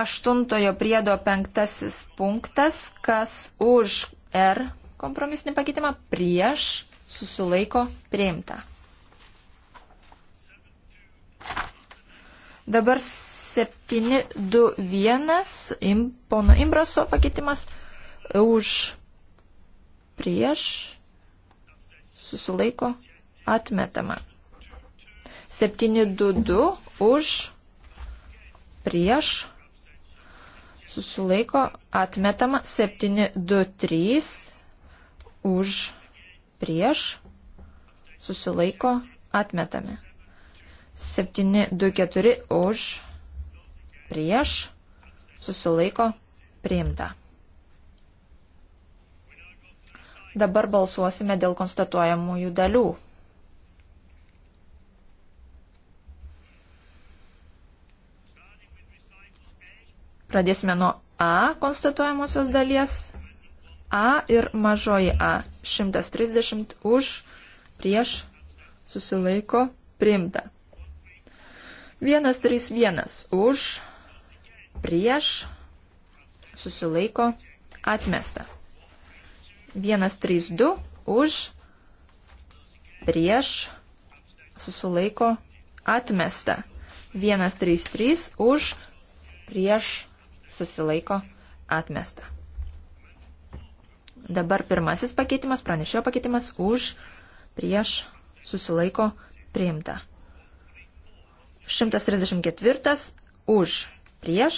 Aštuntojo priedo penktasis punktas, kas už R kompromisinį pakeitimą prieš susilaiko priimta. Dabar 721 im, pono Imbraso pakeitimas už prieš susilaiko atmetama. 722 už prieš susilaiko atmetama. 723 už prieš susilaiko atmetami. 724 už, prieš, susilaiko, priimta. Dabar balsuosime dėl konstatuojamųjų dalių. Pradėsime nuo A konstatuojamosios dalies. A ir mažoji A. 130 už, prieš, susilaiko, priimta. 131 už, prieš, susilaiko, atmesta. 132 už, prieš, susilaiko, atmesta. 133 už, prieš, susilaiko, atmesta. Dabar pirmasis pakeitimas, pranešėjo pakeitimas už, prieš, susilaiko, priimta. 134 už prieš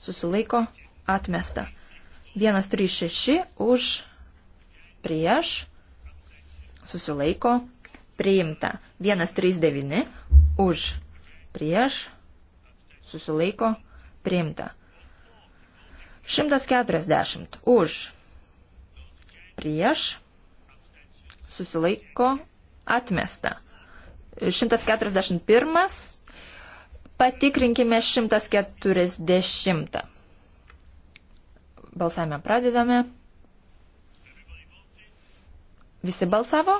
susilaiko atmesta. 136 už prieš susilaiko priimta. 139 už prieš susilaiko priimta. 140 už prieš susilaiko atmesta. 141. Patikrinkime 140. Balsavimą pradedame. Visi balsavo?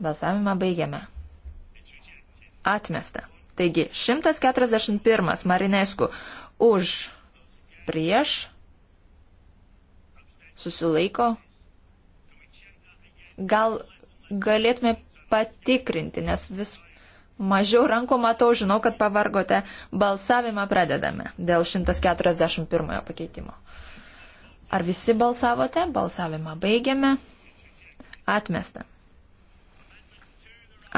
Balsavimą baigiame. Atmesta. Taigi, 141 Marinesku už prieš susilaiko. Gal galėtume patikrinti, nes vis Mažiau rankų matau, žinau, kad pavargote. Balsavimą pradedame dėl 141 pakeitimo. Ar visi balsavote? Balsavimą baigiame. Atmesta.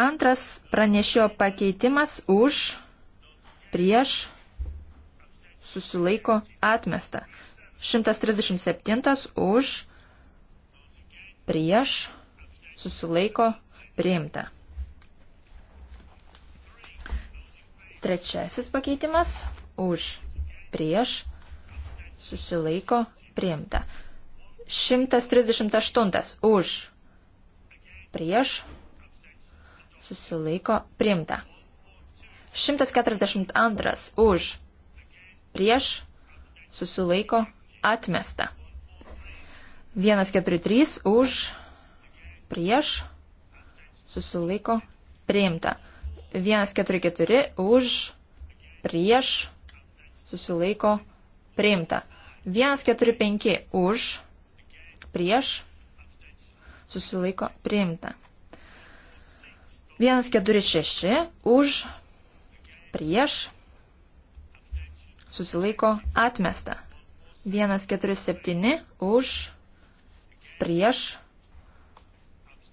Antras pranešio pakeitimas už, prieš, susilaiko, atmesta. 137 už, prieš, susilaiko, priimta. Trečiasis pakeitimas už prieš susilaiko priimta. 138 už prieš susilaiko priimta. 142 už prieš susilaiko atmesta. 143 už prieš susilaiko priimta. 144 už, prieš, susilaiko, priimta. 145 už, prieš, susilaiko, priimta. 146 už, prieš, susilaiko, atmesta. 147 už, prieš,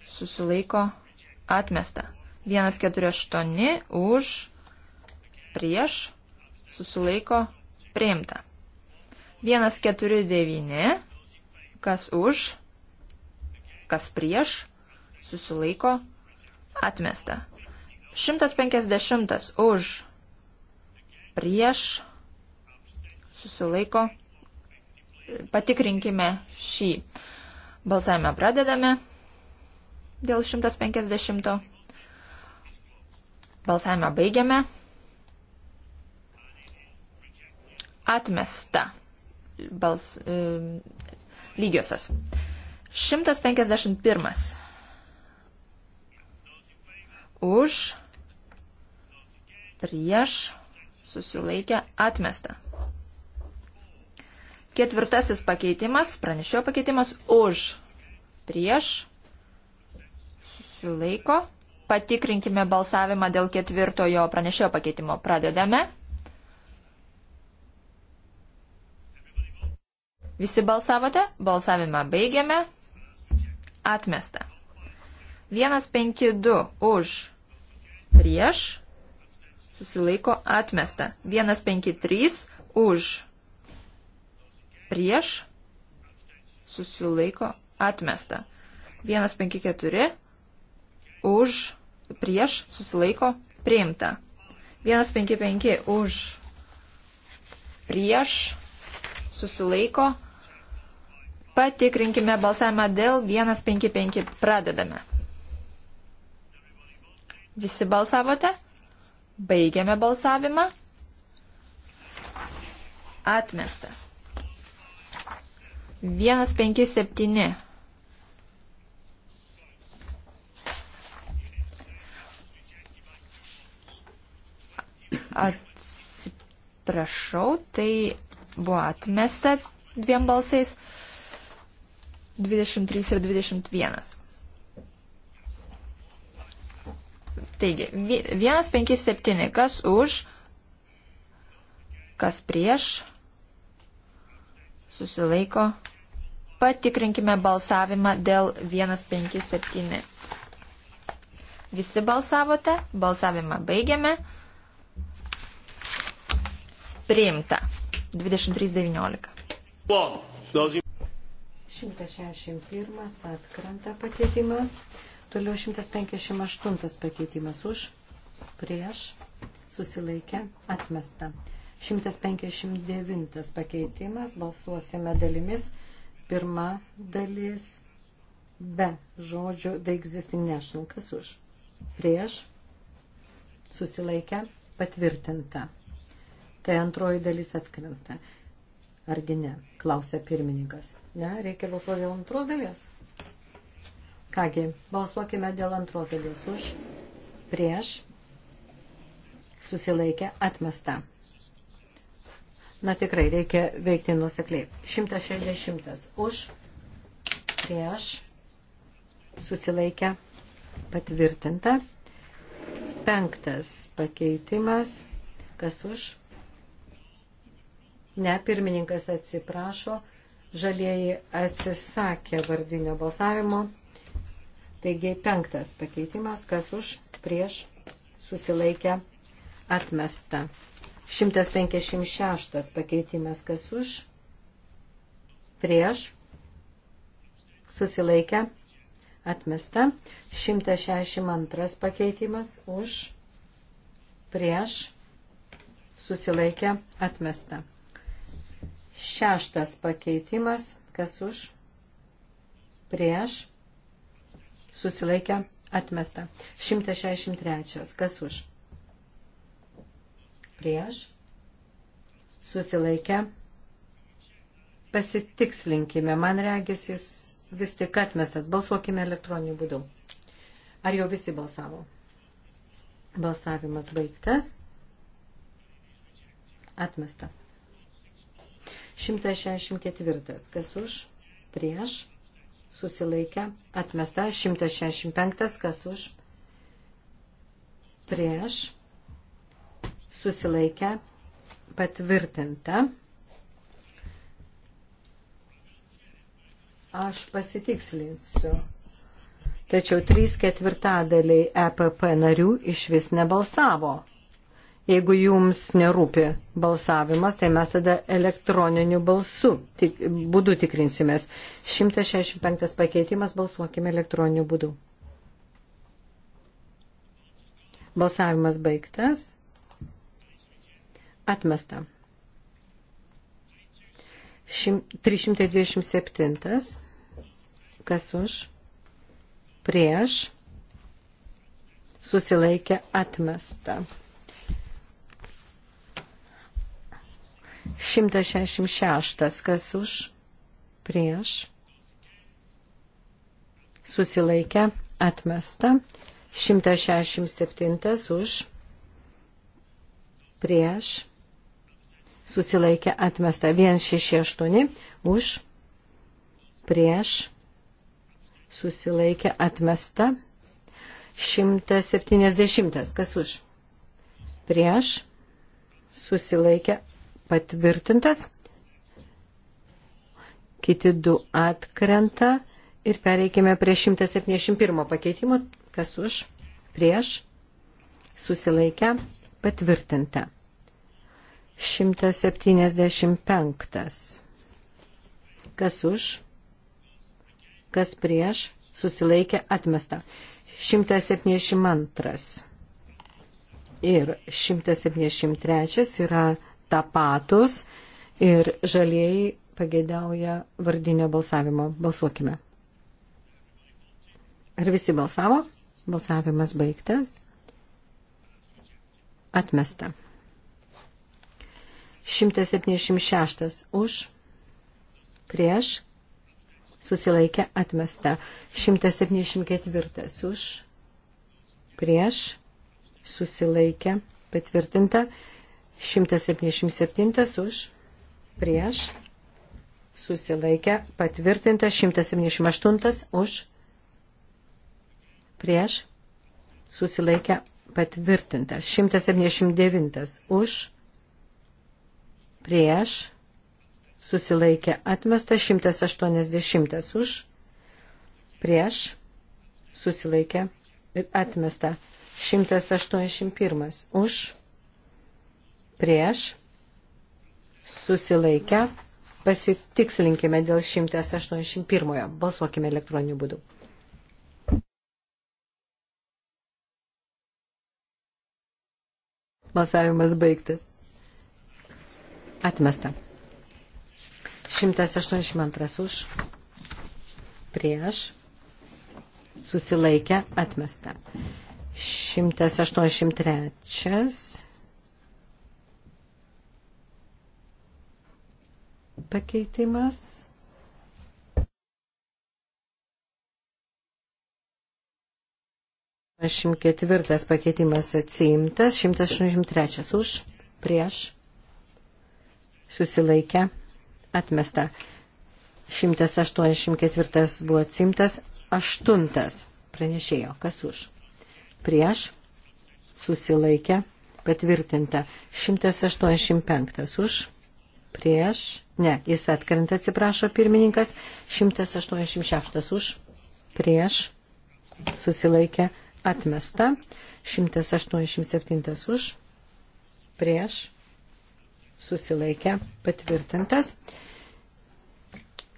susilaiko, atmesta. 148 už prieš susilaiko priimta. 149 kas už, kas prieš susilaiko atmesta. 150 už prieš susilaiko. Patikrinkime šį. Balsavimą pradedame dėl 150. Balsavimą baigiame. Atmesta. Bals, e, lygiosios. 151. Už, prieš, susilaikę, atmesta. Ketvirtasis pakeitimas, pranešėjo pakeitimas, už, prieš, susilaiko, atmesta patikrinkime balsavimą dėl ketvirtojo pranešėjo pakeitimo. Pradedame. Visi balsavote? Balsavimą baigiame. Atmesta. 152 už prieš susilaiko atmesta. 153 už prieš susilaiko atmesta. 154 už prieš, susilaiko, priimta. 155 už, prieš, susilaiko. Patikrinkime balsavimą dėl 155. Pradedame. Visi balsavote? Baigiame balsavimą. Atmesta. 157 Atsiprašau, tai buvo atmesta dviem balsais 23 ir 21. Taigi, 157, kas už, kas prieš, susilaiko. Patikrinkime balsavimą dėl 157. Visi balsavote, balsavimą baigiame priimta. 23.19. 161 atkrenta pakeitimas. Toliau 158 pakeitimas už, prieš, susilaikę, atmesta. 159 pakeitimas, balsuosime dalimis. Pirma dalis be žodžių The Existing National, kas už, prieš, susilaikę, patvirtinta tai antroji dalis atkrenta. Argi ne? Klausia pirmininkas. Ne, reikia balsuoti dėl antros dalies. Kągi, balsuokime dėl antros dalies už, prieš, susilaikę, atmesta. Na tikrai, reikia veikti nusekliai. 160 už, prieš, susilaikę, patvirtinta. Penktas pakeitimas, kas už, Ne, pirmininkas atsiprašo, žalieji atsisakė vardinio balsavimo. Taigi penktas pakeitimas, kas už, prieš, susilaikę, atmesta. 156 pakeitimas, kas už, prieš, susilaikę, atmesta. 162 pakeitimas, už, prieš, susilaikę, atmesta. Šeštas pakeitimas, kas už, prieš, susilaikę, atmesta. 163, kas už, prieš, susilaikę, pasitikslinkime, man regis jis vis tik atmestas, balsuokime elektroniniu būdu. Ar jau visi balsavo? Balsavimas baigtas. Atmesta. 164. Kas už? Prieš? Susilaikę? Atmesta. 165. Kas už? Prieš? Susilaikę? Patvirtinta. Aš pasitikslinsiu. Tačiau trys ketvirtadaliai EPP narių iš vis nebalsavo. Jeigu jums nerūpi balsavimas, tai mes tada elektroniniu balsu tik, būdu tikrinsimės. 165 pakeitimas balsuokime elektroniniu būdu. Balsavimas baigtas. Atmesta. 327. Kas už? Prieš. Susilaikė atmesta. 166. Kas už? Prieš. Susilaikę. Atmesta. 167. Už. Prieš. Susilaikę. Atmesta. 168. Už. Prieš. Susilaikę. Atmesta. 170. Kas už? Prieš susilaikė patvirtintas, kiti du atkrenta ir pereikime prie 171 pakeitimo, kas už, prieš, susilaikę, patvirtinta. 175. Kas už, kas prieš, susilaikė, atmesta. 172 ir 173 yra tapatus ir žalieji pagėdauja vardinio balsavimo. Balsuokime. Ar visi balsavo? Balsavimas baigtas. Atmesta. 176 už, prieš, susilaikė atmesta. 174 už, prieš, susilaikė patvirtinta. 177 už, prieš, susilaikę, patvirtinta, 178 už, prieš, susilaikę, patvirtintas, 179 už, prieš, susilaikę, atmestas, 180 už, prieš, susilaikę, atmestą, 181 už, prieš, prieš, susilaikę, pasitikslinkime dėl 181. Balsuokime elektroniniu būdu. Balsavimas baigtas. Atmesta. 182 už. Prieš. Susilaikę. Atmesta. 183 pakeitimas. Šimt ketvirtas pakeitimas atsiimtas, šimtas šimtas trečias už, prieš, susilaikę, atmesta. 184 buvo atsimtas, 8 pranešėjo, kas už. Prieš susilaikė, patvirtinta, 185 už, prieš, ne, jis atkrenta, atsiprašo pirmininkas, 186 už, prieš, susilaikė, atmesta, 187 už, prieš, susilaikė, patvirtintas,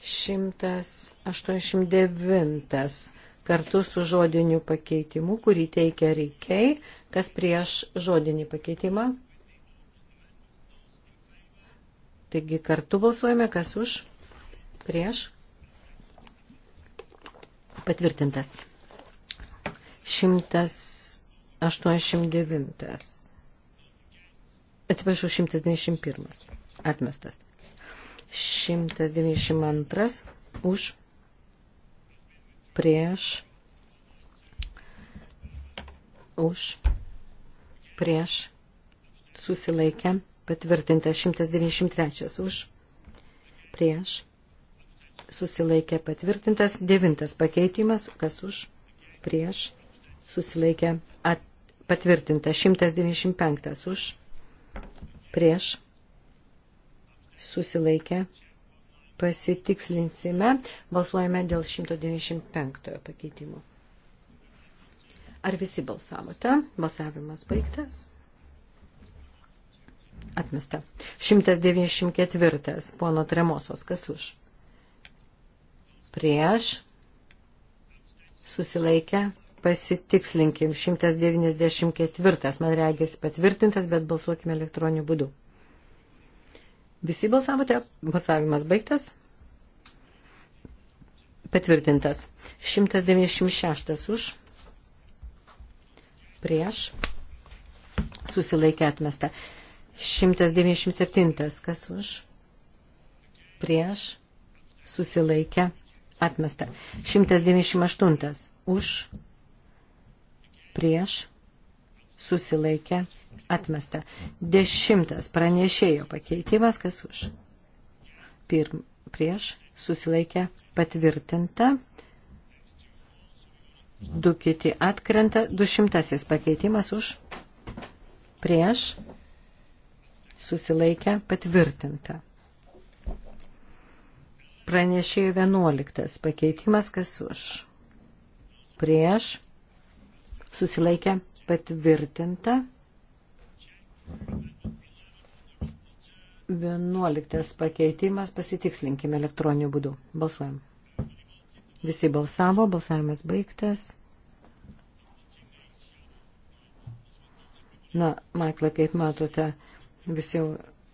189 kartu su žodiniu pakeitimu, kurį teikia reikiai, kas prieš žodinį pakeitimą, Taigi kartu balsuojame, kas už, prieš, patvirtintas. 189. Atsiprašau, 191. Atmestas. 192 už prieš už prieš susilaikę patvirtinta 193 už, prieš, susilaikė patvirtintas 9 pakeitimas, kas už, prieš, susilaikė at, patvirtinta 195 už, prieš, susilaikė pasitikslinsime, balsuojame dėl 195 pakeitimo. Ar visi balsavote? Balsavimas baigtas. Atmesta. 194. Pono Tremosos. Kas už? Prieš. Susilaikę. Pasitikslinkim. 194. Man reagės patvirtintas, bet balsuokime elektroniniu būdu. Visi balsavote. Balsavimas baigtas. Patvirtintas. 196 už. Prieš. Susilaikę atmesta. 197. Kas už? Prieš. Susilaikę. Atmesta. 198. Už. Prieš. Susilaikę. Atmesta. Dešimtas. Pranešėjo pakeitimas. Kas už? Pirm, prieš. Susilaikę. Patvirtinta du kiti atkrenta, du šimtasis pakeitimas už prieš susilaikę patvirtinta. Pranešėjo 11 pakeitimas, kas už. Prieš susilaikę patvirtinta. 11 pakeitimas, pasitikslinkime elektroniniu būdu. Balsuojam. Visi balsavo, balsavimas baigtas. Na, Maikla, kaip matote, visi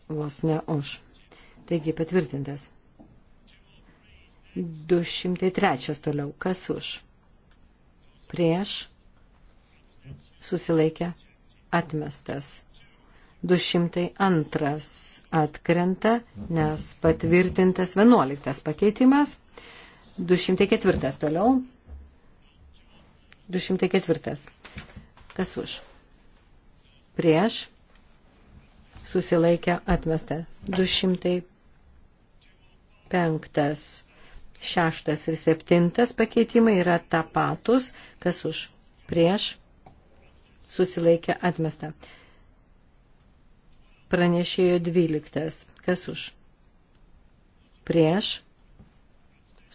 vos ne už. Taigi patvirtintas. 203 toliau. Kas už? Prieš. Susilaikė. Atmestas. 202 atkrenta, nes patvirtintas 11 pakeitimas. 204 toliau. 204. Kas už? Prieš susilaikę atmesta. 205, 6 ir 7 pakeitimai yra tapatus, kas už prieš susilaikę atmesta. Pranešėjo 12, kas už prieš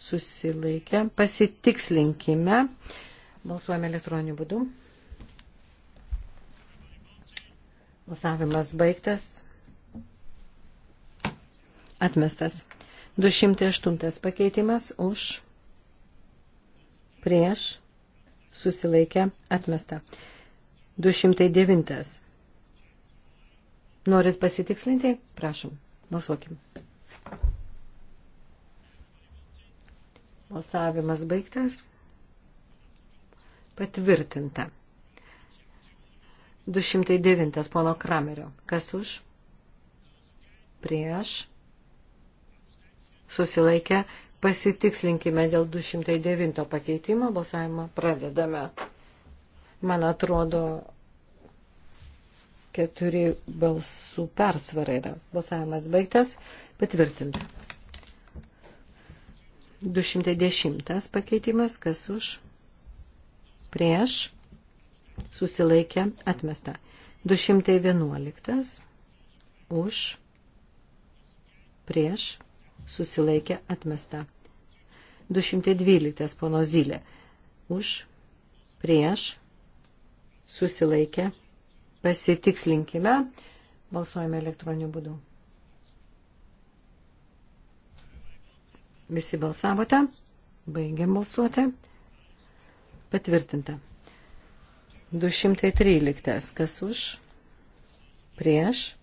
susilaikę. Pasitikslinkime. Balsuojame elektroniniu būdu. Balsavimas baigtas. Atmestas. 208 pakeitimas už prieš susilaikę atmesta. 209. Norit pasitikslinti? Prašom, balsuokim. Balsavimas baigtas. Patvirtinta. 209 pono Kramerio. Kas už? Prieš. Susilaikę. Pasitikslinkime dėl 209 pakeitimo. Balsavimą pradedame. Man atrodo, keturi balsų persvara yra. Balsavimas baigtas. Patvirtinta. 210 pakeitimas. Kas už? Prieš susilaikė atmesta. 211 už prieš susilaikė atmesta. 212 pono Zylė už prieš susilaikė pasitikslinkime, balsuojame elektroniniu būdu. Visi balsavote, baigiam balsuoti, patvirtinta. 213. Kas už? Prieš?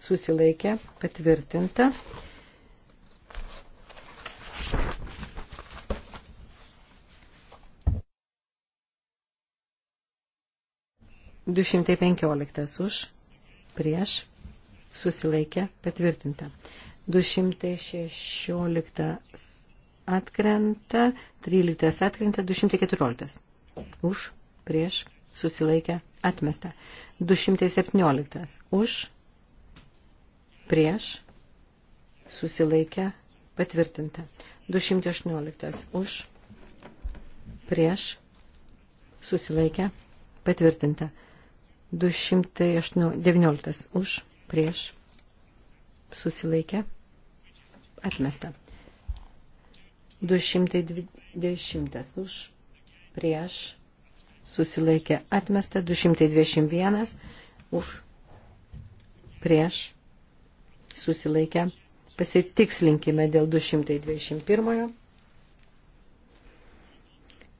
Susilaikė? Patvirtinta. Du šimtai penkioliktas už, prieš, susilaikė, patvirtinta. Du šimtai šešioliktas atkrenta, 13 atkrenta, 214. Už, prieš susilaikę atmesta. 217 už prieš susilaikę patvirtinta. 218 už prieš susilaikę patvirtinta. 219 už prieš susilaikę atmesta. 220 už prieš susilaikė atmesta 221 už prieš susilaikę. Pasitikslinkime dėl 221.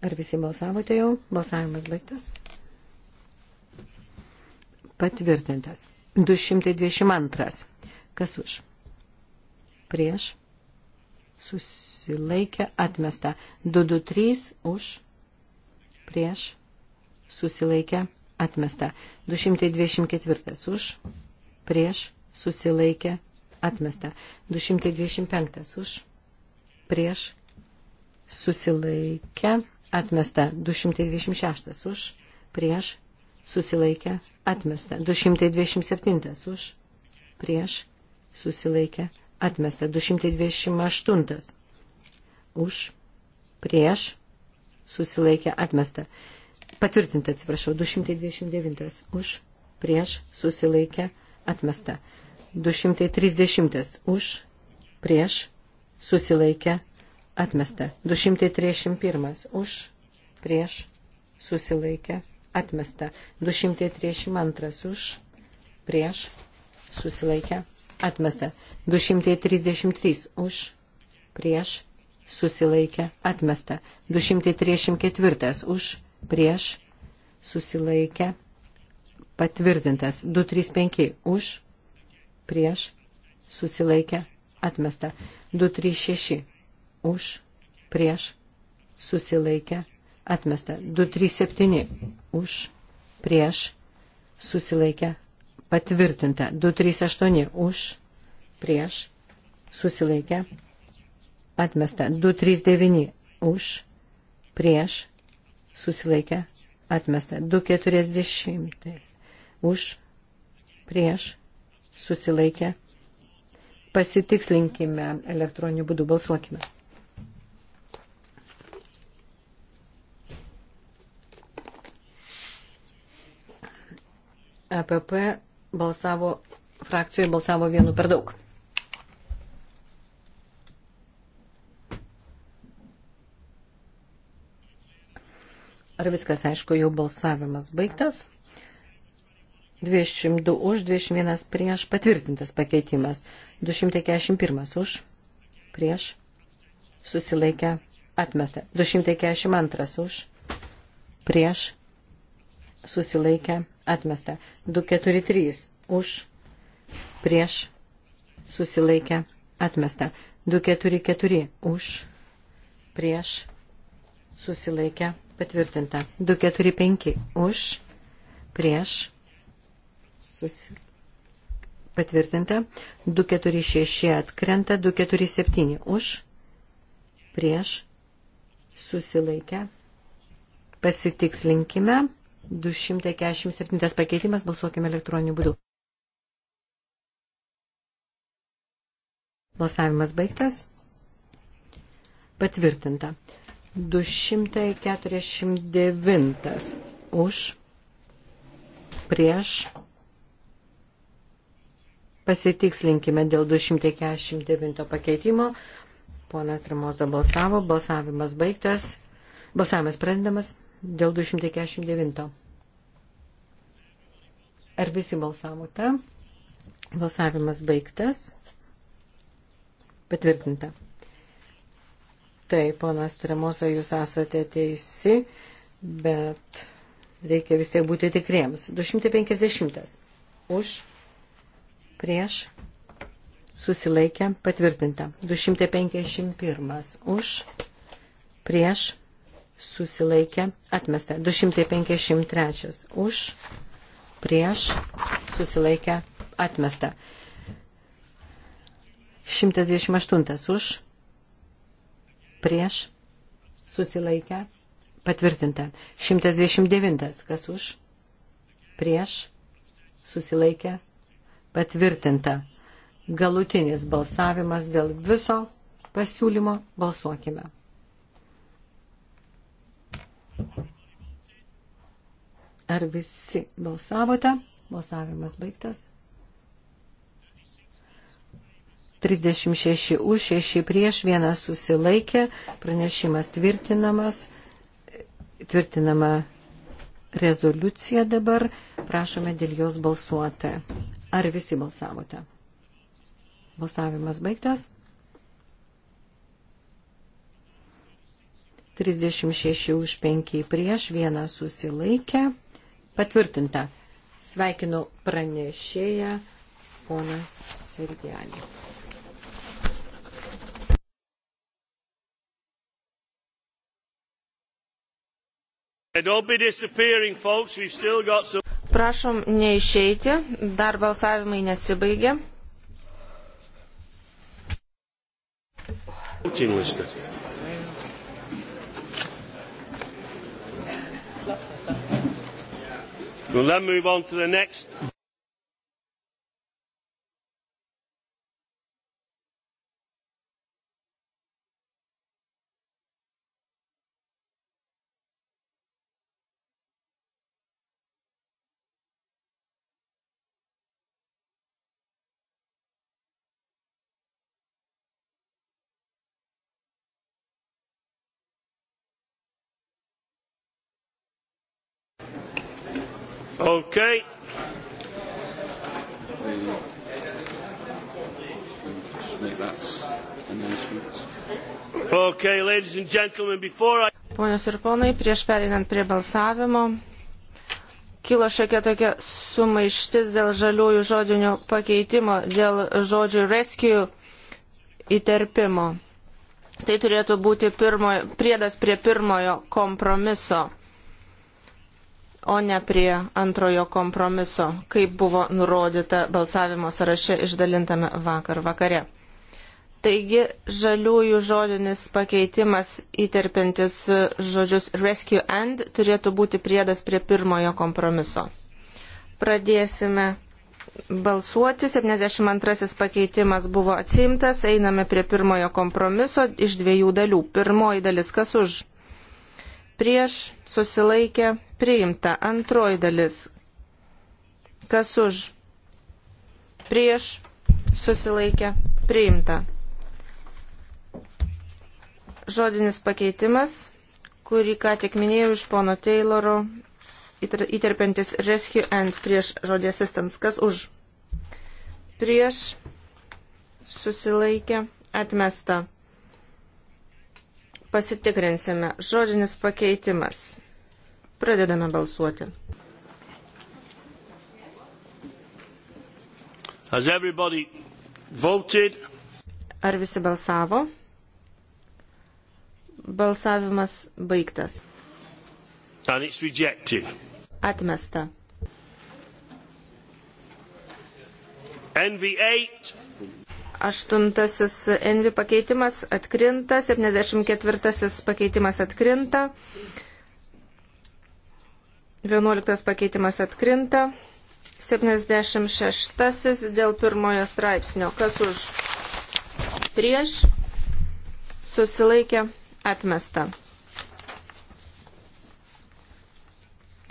Ar visi balsavote jau? Balsavimas baigtas. Patvirtintas. 222. Kas už? Prieš. Susilaikė atmesta. 223 už. Prieš susilaikė, atmesta. 224 už, prieš, susilaikė, atmesta. 225 už, prieš, susilaikė, atmesta. 226 už, prieš, susilaikė, atmesta. 227 už, prieš, susilaikė, atmesta. 228 už, prieš, susilaikė, atmesta patvirtinta, atsiprašau, 229 už, prieš, susilaikė, atmesta. 230 už, prieš, susilaikė, atmesta. 231 už, prieš, susilaikė, atmesta. 232 už, prieš, susilaikė, atmesta. 233 už, prieš, susilaikė, atmesta. 234 už, prieš, susilaikę, patvirtintas. 235 už, prieš, susilaikę, atmesta. 236 už, prieš, susilaikę, atmesta. 237 už, prieš, susilaikę, patvirtinta. 238 už, prieš, susilaikę, atmesta. 239 už, prieš, susilaikė atmesta. 240 už prieš susilaikė. Pasitikslinkime elektroniniu būdu, balsuokime. APP e balsavo, frakcijoje balsavo vienu per daug. Ar viskas aišku, jau balsavimas baigtas? 202 už, 21 prieš patvirtintas pakeitimas. 241 už, prieš, susilaikę, atmesta. 242 už, prieš, susilaikę, atmesta. 243 už, prieš, susilaikę, atmesta. 244 už, prieš, susilaikę, Patvirtinta. 245 už, prieš, susi... Patvirtinta. 246 atkrenta, 247 už, prieš, susilaikę. Pasitikslinkime. 247 pakeitimas, balsuokime elektroniniu būdu. Balsavimas baigtas. Patvirtinta. 249 už prieš pasitikslinkime dėl 249 pakeitimo. Ponas Trimoza balsavo, balsavimas baigtas, balsavimas prendamas dėl 249. Ar visi balsavote? Balsavimas baigtas. Patvirtinta. Taip, ponas Tremosa, jūs esate teisi, bet reikia vis tiek būti tikriems. 250. Už, prieš, susilaikę, patvirtinta. 251. Už, prieš, susilaikė, atmesta. 253. Už, prieš, susilaikė, atmesta. 128. Už, prieš, susilaikę, patvirtinta. 129, kas už, prieš, susilaikę, patvirtinta. Galutinis balsavimas dėl viso pasiūlymo balsuokime. Ar visi balsavote? Balsavimas baigtas. 36 už, 6 prieš, 1 susilaikė, pranešimas tvirtinamas, tvirtinama rezoliucija dabar, prašome dėl jos balsuoti. Ar visi balsavote? Balsavimas baigtas. 36 už 5 prieš, 1 susilaikė. Patvirtinta. Sveikinu pranešėją ponas Sirgelį. Prašom neišeiti, dar balsavimai nesibaigė. voting list. We'll then move on to the next. Okay. Okay, ladies and gentlemen, before I... Ponios ir ponai, prieš perinant prie balsavimo, kilo šiokia tokia sumaištis dėl žaliųjų žodinių pakeitimo, dėl žodžių rescue įterpimo. Tai turėtų būti pirmojo, priedas prie pirmojo kompromiso o ne prie antrojo kompromiso, kaip buvo nurodyta balsavimo sąraše išdalintame vakar vakare. Taigi žaliųjų žodinis pakeitimas įterpintis žodžius rescue and turėtų būti priedas prie pirmojo kompromiso. Pradėsime balsuoti. 72 pakeitimas buvo atsimtas. Einame prie pirmojo kompromiso iš dviejų dalių. Pirmoji dalis kas už? Prieš susilaikė priimta. Antroji dalis. Kas už? Prieš susilaikė priimta. Žodinis pakeitimas, kurį ką tik minėjau iš pono Tayloro, įterpiantis rescue and prieš žodį assistance. Kas už? Prieš susilaikė atmesta. Pasitikrinsime. Žodinis pakeitimas. Pradedame balsuoti. Ar visi balsavo? Balsavimas baigtas. Atmesta. NV8. Aštuntasis NV pakeitimas atkrinta, 74 pakeitimas atkrinta, 11 pakeitimas atkrinta. 76 dėl pirmojo straipsnio. Kas už? Prieš susilaikė atmesta.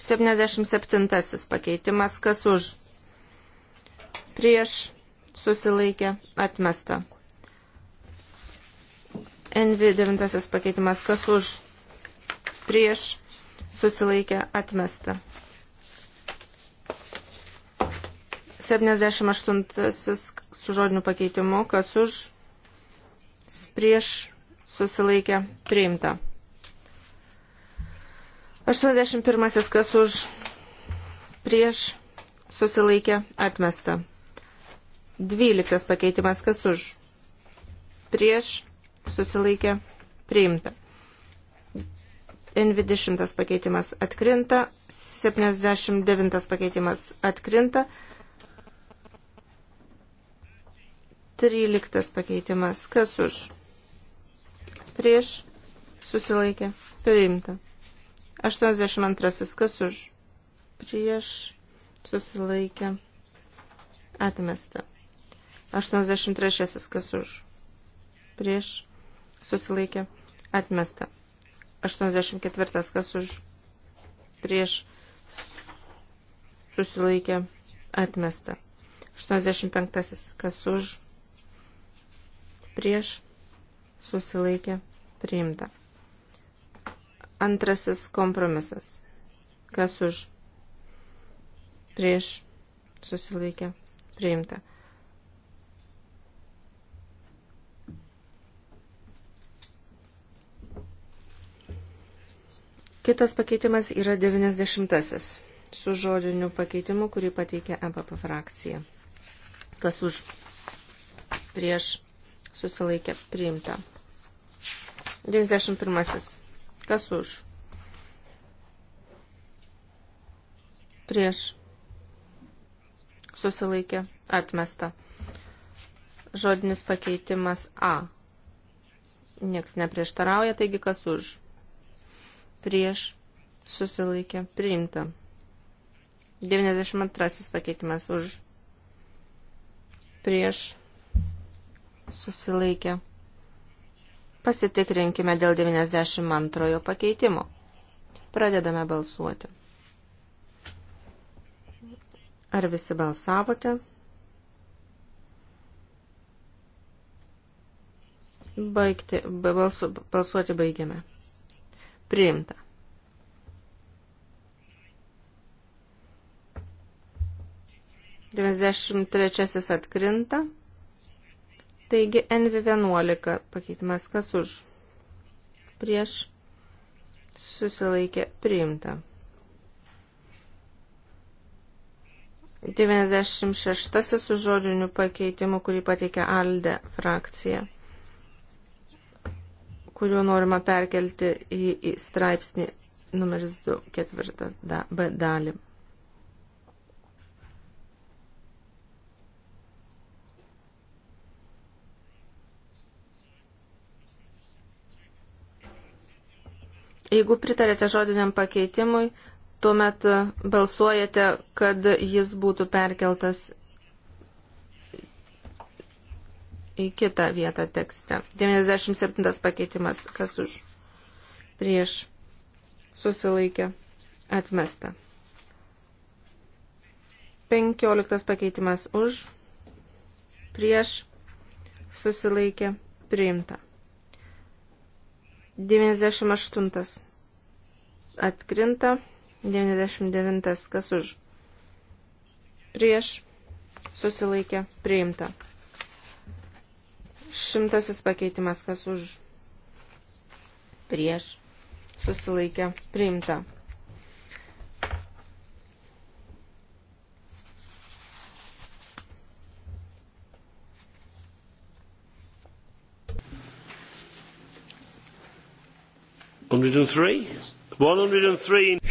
77 pakeitimas. Kas už? Prieš susilaikė atmesta. NV 9 pakeitimas. Kas už? Prieš susilaikė atmesta. 78 su žodiniu pakeitimu, kas už, prieš, susilaikė, priimta. 81 kas už, prieš, susilaikė, atmesta. 12 pakeitimas kas už, prieš, susilaikė, priimta. N20 pakeitimas atkrinta, 79 pakeitimas atkrinta, 13 pakeitimas. Kas už? Prieš susilaikė. Priimta. 82. Kas už? Prieš susilaikė. Atmesta. 83. Kas už? Prieš susilaikė. Atmesta. 84 kas už prieš susilaikė atmesta. 85 kas už prieš susilaikė priimta. Antrasis kompromisas. Kas už prieš susilaikė priimta. Kitas pakeitimas yra 90-asis su žodiniu pakeitimu, kurį pateikė MPP e frakcija. Kas už prieš susilaikė priimta. 91-asis. Kas už prieš susilaikė atmesta. Žodinis pakeitimas A. Niekas neprieštarauja, taigi kas už prieš susilaikė priimta. 92 pakeitimas už prieš susilaikė. Pasitikrinkime dėl 92 pakeitimo. Pradedame balsuoti. Ar visi balsavote? Baigti, balsu, balsuoti baigiame priimta. Devinsdešimt trečiasis atkrinta. Taigi NV11 pakeitimas kas už. Prieš susilaikė priimta. 96 su žodiniu pakeitimu, kurį pateikė Alde frakcija kuriuo norima perkelti į, į straipsnį numeris 2, ketvirtas da, B dalį. Jeigu pritarėte žodiniam pakeitimui, tuomet balsuojate, kad jis būtų perkeltas į kitą vietą tekste. 97 pakeitimas, kas už, prieš, susilaikė, atmesta. 15 pakeitimas už, prieš, susilaikė, priimta. 98 atkrinta, 99 kas už, prieš, susilaikė, priimta. Šimtasis pakeitimas, kas už prieš susilaikė priimta.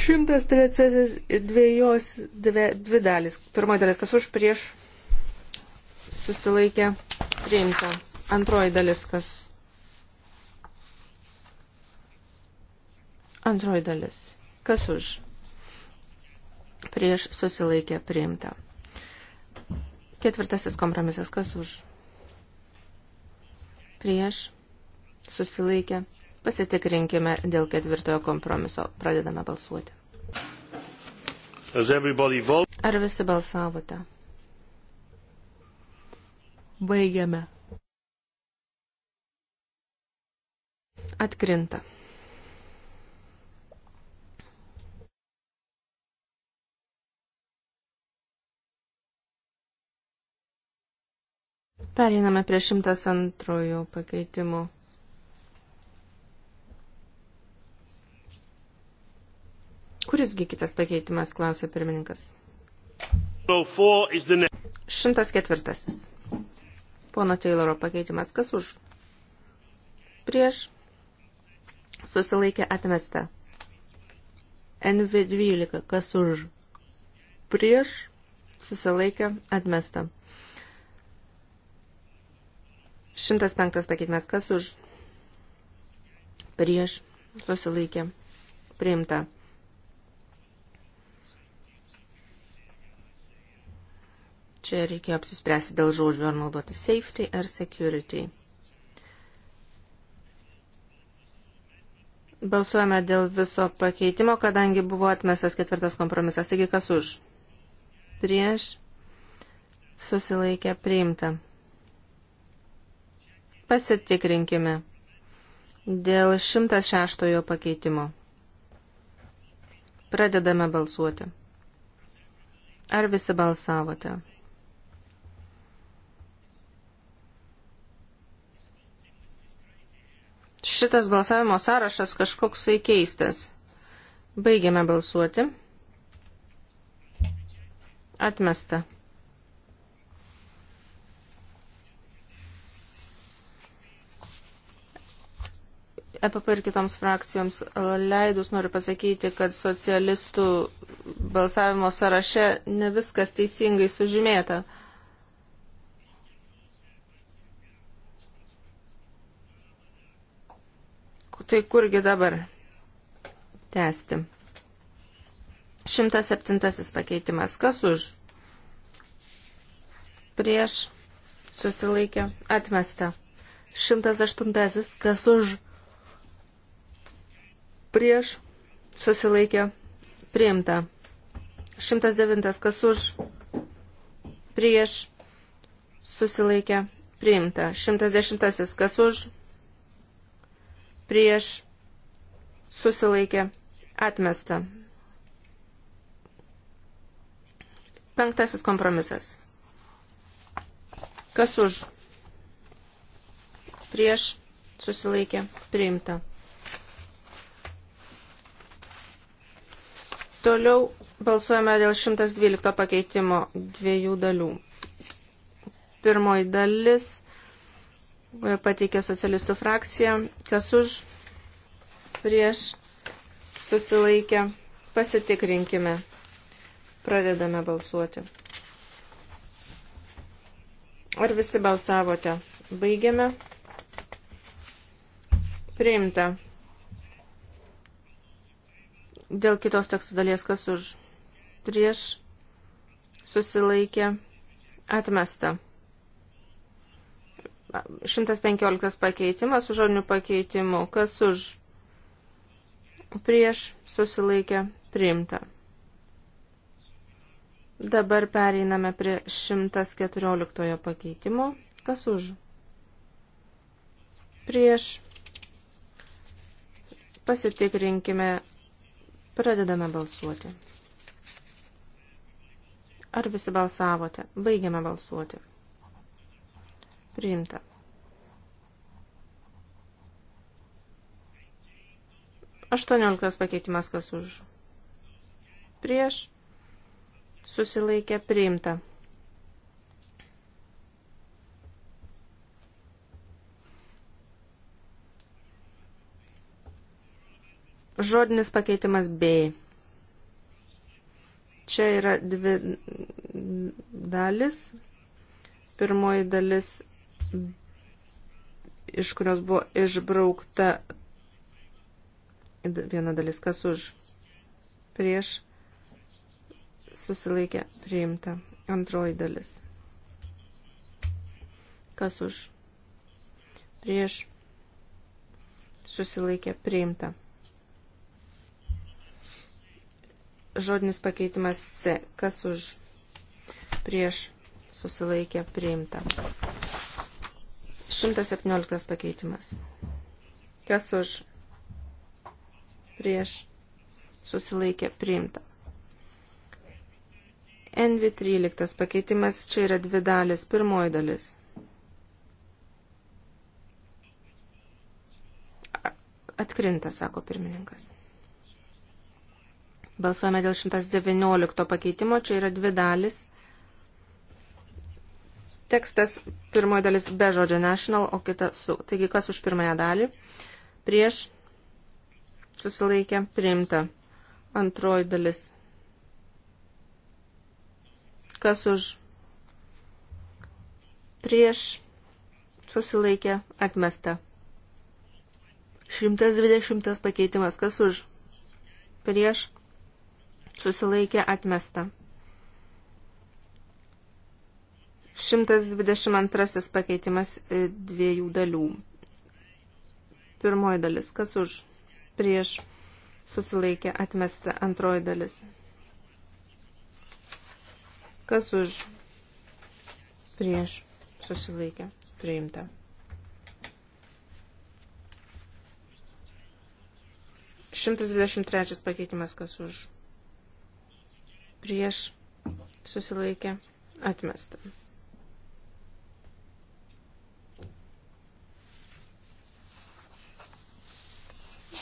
Šimtas trečiasis dviejos dvi, dvi dalis. Pirmoji dalis, kas už prieš susilaikė priimta. Antroji dalis, kas. Antroji dalis. Kas už? Prieš susilaikė priimta. Ketvirtasis kompromisas. Kas už? Prieš susilaikė. Pasitikrinkime dėl ketvirtojo kompromiso. Pradedame balsuoti. Ar visi balsavote? Baigiame. Atkrinta. Pereiname prie 102 pakeitimų. Kurisgi kitas pakeitimas, klausė pirmininkas. 104. Pono Tayloro pakeitimas, kas už? Prieš susilaikė atmesta. NV12, kas už, prieš, susilaikė atmesta. 105 pakeitimas, kas už, prieš, susilaikė, priimta. Čia reikėjo apsispręsti dėl žodžių ar naudoti safety ar security. Balsuojame dėl viso pakeitimo, kadangi buvo atmestas ketvirtas kompromisas. Taigi kas už? Prieš susilaikę priimta. Pasitikrinkime dėl 106 pakeitimo. Pradedame balsuoti. Ar visi balsavote? šitas balsavimo sąrašas kažkoksai keistas. Baigiame balsuoti. Atmesta. EPP ir kitoms frakcijoms e, leidus noriu pasakyti, kad socialistų balsavimo sąraše ne viskas teisingai sužymėta. Tai kurgi dabar tęsti? 107 pakeitimas. Kas už? Prieš susilaikė. Atmesta. 108. Kas už? Prieš susilaikė. Priimta. 109. Kas už? Prieš susilaikė. Priimta. 110. Kas už? prieš susilaikė atmesta. Penktasis kompromisas. Kas už? Prieš susilaikė priimta. Toliau balsuojame dėl 112 pakeitimo dviejų dalių. Pirmoji dalis pateikė socialistų frakcija, kas už, prieš, susilaikė, pasitikrinkime, pradedame balsuoti. Ar visi balsavote? Baigiame. Priimta. Dėl kitos teksto dalies, kas už, prieš, susilaikė, atmesta. 115 pakeitimas su žodiniu pakeitimu. Kas už? Prieš susilaikė priimta. Dabar pereiname prie 114 pakeitimo. Kas už? Prieš pasitikrinkime, pradedame balsuoti. Ar visi balsavote? Baigiame balsuoti. Priimta. Aštuonioliktas pakeitimas kas už. Prieš. Susilaikė priimta. Žodinis pakeitimas B. Čia yra dvi dalis. Pirmoji dalis iš kurios buvo išbraukta viena dalis, kas už prieš susilaikė priimta. Antroji dalis. Kas už prieš susilaikė priimta. Žodinis pakeitimas C. Kas už prieš susilaikė priimta. 117 pakeitimas. Kas už? Prieš susilaikė priimta. NV13 pakeitimas čia yra dvi dalis. Pirmoji dalis. Atkrinta, sako pirmininkas. Balsuojame dėl 119 pakeitimo, čia yra dvi dalis tekstas pirmoji dalis be žodžio national, o kita su. Taigi, kas už pirmąją dalį? Prieš susilaikę priimta. Antroji dalis. Kas už prieš susilaikę atmesta. 120 pakeitimas. Kas už prieš susilaikę atmesta. 122 pakeitimas e, dviejų dalių. Pirmoji dalis, kas už, prieš, susilaikė, atmesta. Antroji dalis, kas už, prieš, susilaikė, priimta. Šimtas dvidešimt trečias pakeitimas, kas už, prieš, susilaikė, atmesta.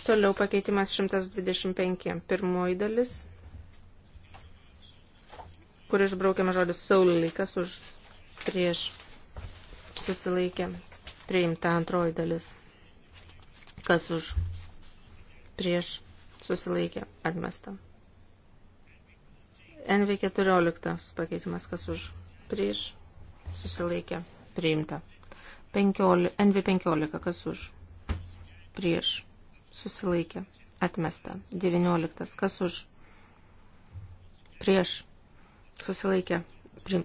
Toliau pakeitimas 125. Pirmoji dalis, kur išbraukiama žodis saulį, kas už prieš susilaikė priimta antroji dalis, kas už prieš susilaikė atmesta. NV14 pakeitimas, kas už prieš susilaikė priimta. 15, NV15, kas už prieš susilaikė, atmesta. 19. Kas už, prieš, susilaikė, prim.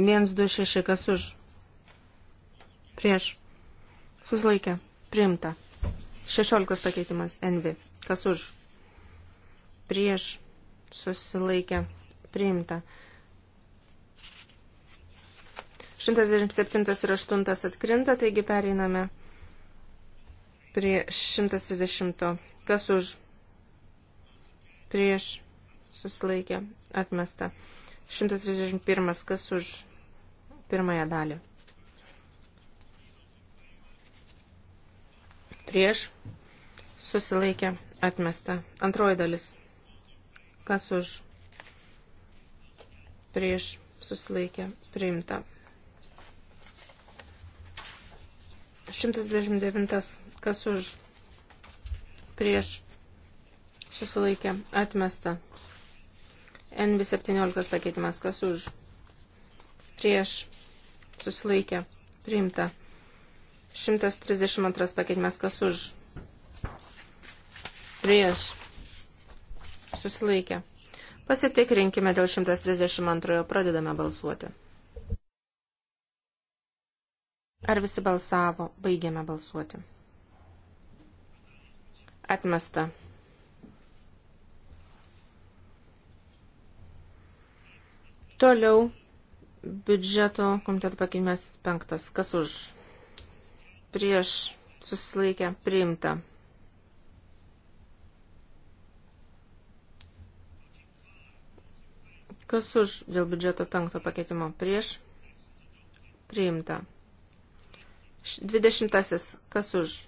1, 2, 6. Kas už, prieš, susilaikė, priimta. 16 pakeitimas, NV. Kas už, prieš, susilaikė, priimta. 197 ir 8 atkrinta, taigi pereiname prie 130. Kas už? Prieš susilaikė atmesta. 131. Kas už pirmąją dalį? Prieš susilaikė atmesta. Antroji dalis. Kas už? Prieš susilaikė priimta. 129 Kas už? Prieš. Susilaikė. Atmesta. NB17 pakeitimas. Kas už? Prieš. Susilaikė. Priimta. 132 pakeitimas. Kas už? Prieš. Susilaikė. Pasitikrinkime dėl 132. Pradedame balsuoti. Ar visi balsavo? Baigėme balsuoti. Atmesta. Toliau biudžeto komiteto pakeitimas penktas. Kas už? Prieš susilaikę priimta. Kas už dėl biudžeto penkto pakeitimo prieš? Priimta. Dvidešimtasis. Kas už?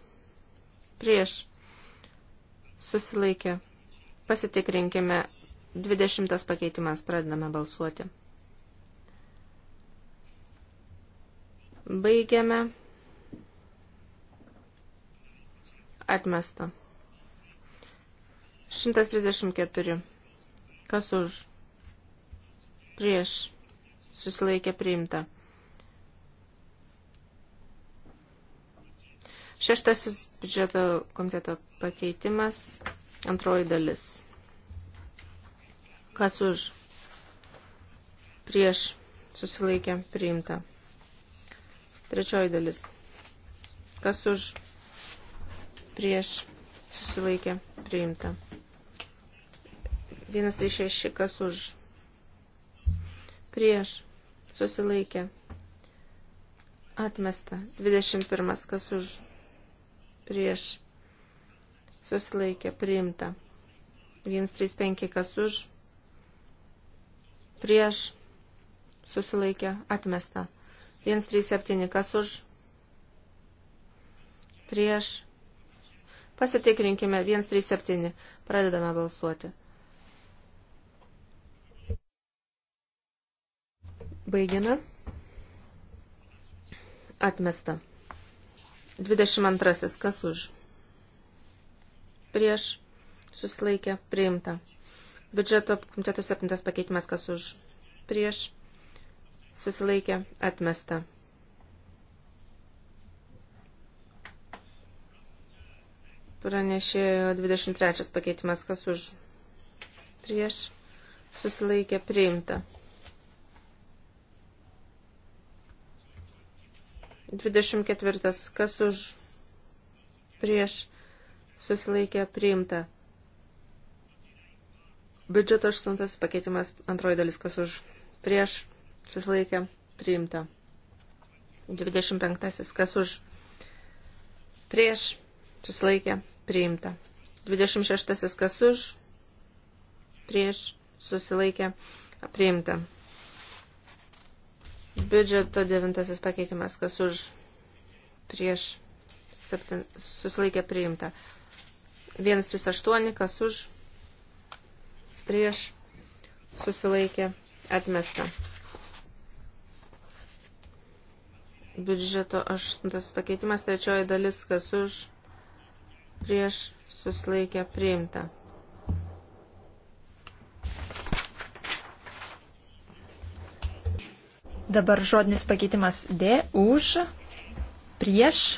Prieš susilaikė. Pasitikrinkime 20 pakeitimas, pradedame balsuoti. Baigiame. Atmesta. 134. Kas už? Prieš. Susilaikė priimta. Šeštasis biudžeto komiteto pakeitimas, antroji dalis. Kas už? Prieš susilaikė priimta. Trečioji dalis. Kas už? Prieš susilaikė priimta. 136 kas už? Prieš susilaikė atmesta. 21 kas už? prieš susilaikė priimta. 135 kas už, prieš susilaikė atmesta. 137 kas už, prieš Pasitikrinkime 137. Pradedame balsuoti. Baigiame. Atmesta. 22. Kas už? Prieš susilaikė priimta. Biudžeto komiteto 7 pakeitimas. Kas už? Prieš susilaikė atmesta. Pranešėjo 23 pakeitimas. Kas už? Prieš susilaikė priimta. 24. Kas už prieš susilaikė priimta. Biudžeto 8 pakeitimas antroji dalis. Kas už prieš susilaikė priimta. 25. Kas už prieš susilaikė priimta. 26. Kas už prieš susilaikė priimta. Biudžeto devintasis pakeitimas, kas už prieš septin, susilaikė priimta. 138, kas už prieš susilaikė atmesta. Biudžeto aštuntas pakeitimas, trečioji dalis, kas už prieš susilaikė priimta. Dabar žodinis pakeitimas D už, prieš,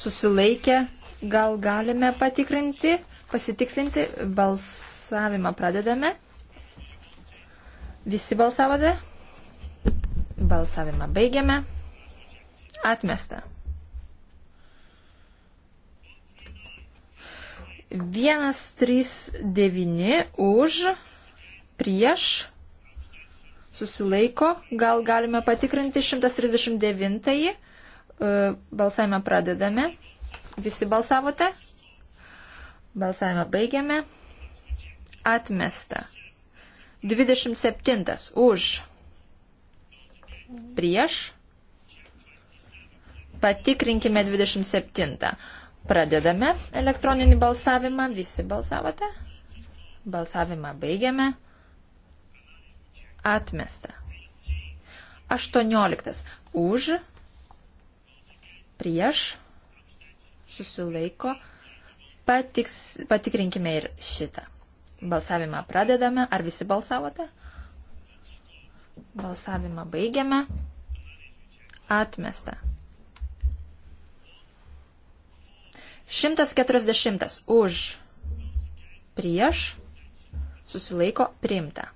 susilaikę, gal galime patikrinti, pasitikslinti, balsavimą pradedame. Visi balsavote? Balsavimą baigiame. Atmesta. Vienas, trys, devini už, prieš, susilaiko, gal galime patikrinti 139-ąjį, e, balsavimą pradedame, visi balsavote, balsavimą baigiame, atmesta, 27-as už, prieš, patikrinkime 27-ą, pradedame elektroninį balsavimą, visi balsavote, balsavimą baigiame, Atmesta. 18. Už, prieš, susilaiko. Patiks, patikrinkime ir šitą. Balsavimą pradedame. Ar visi balsavote? Balsavimą baigiame. Atmesta. 140. Už, prieš, susilaiko, priimta.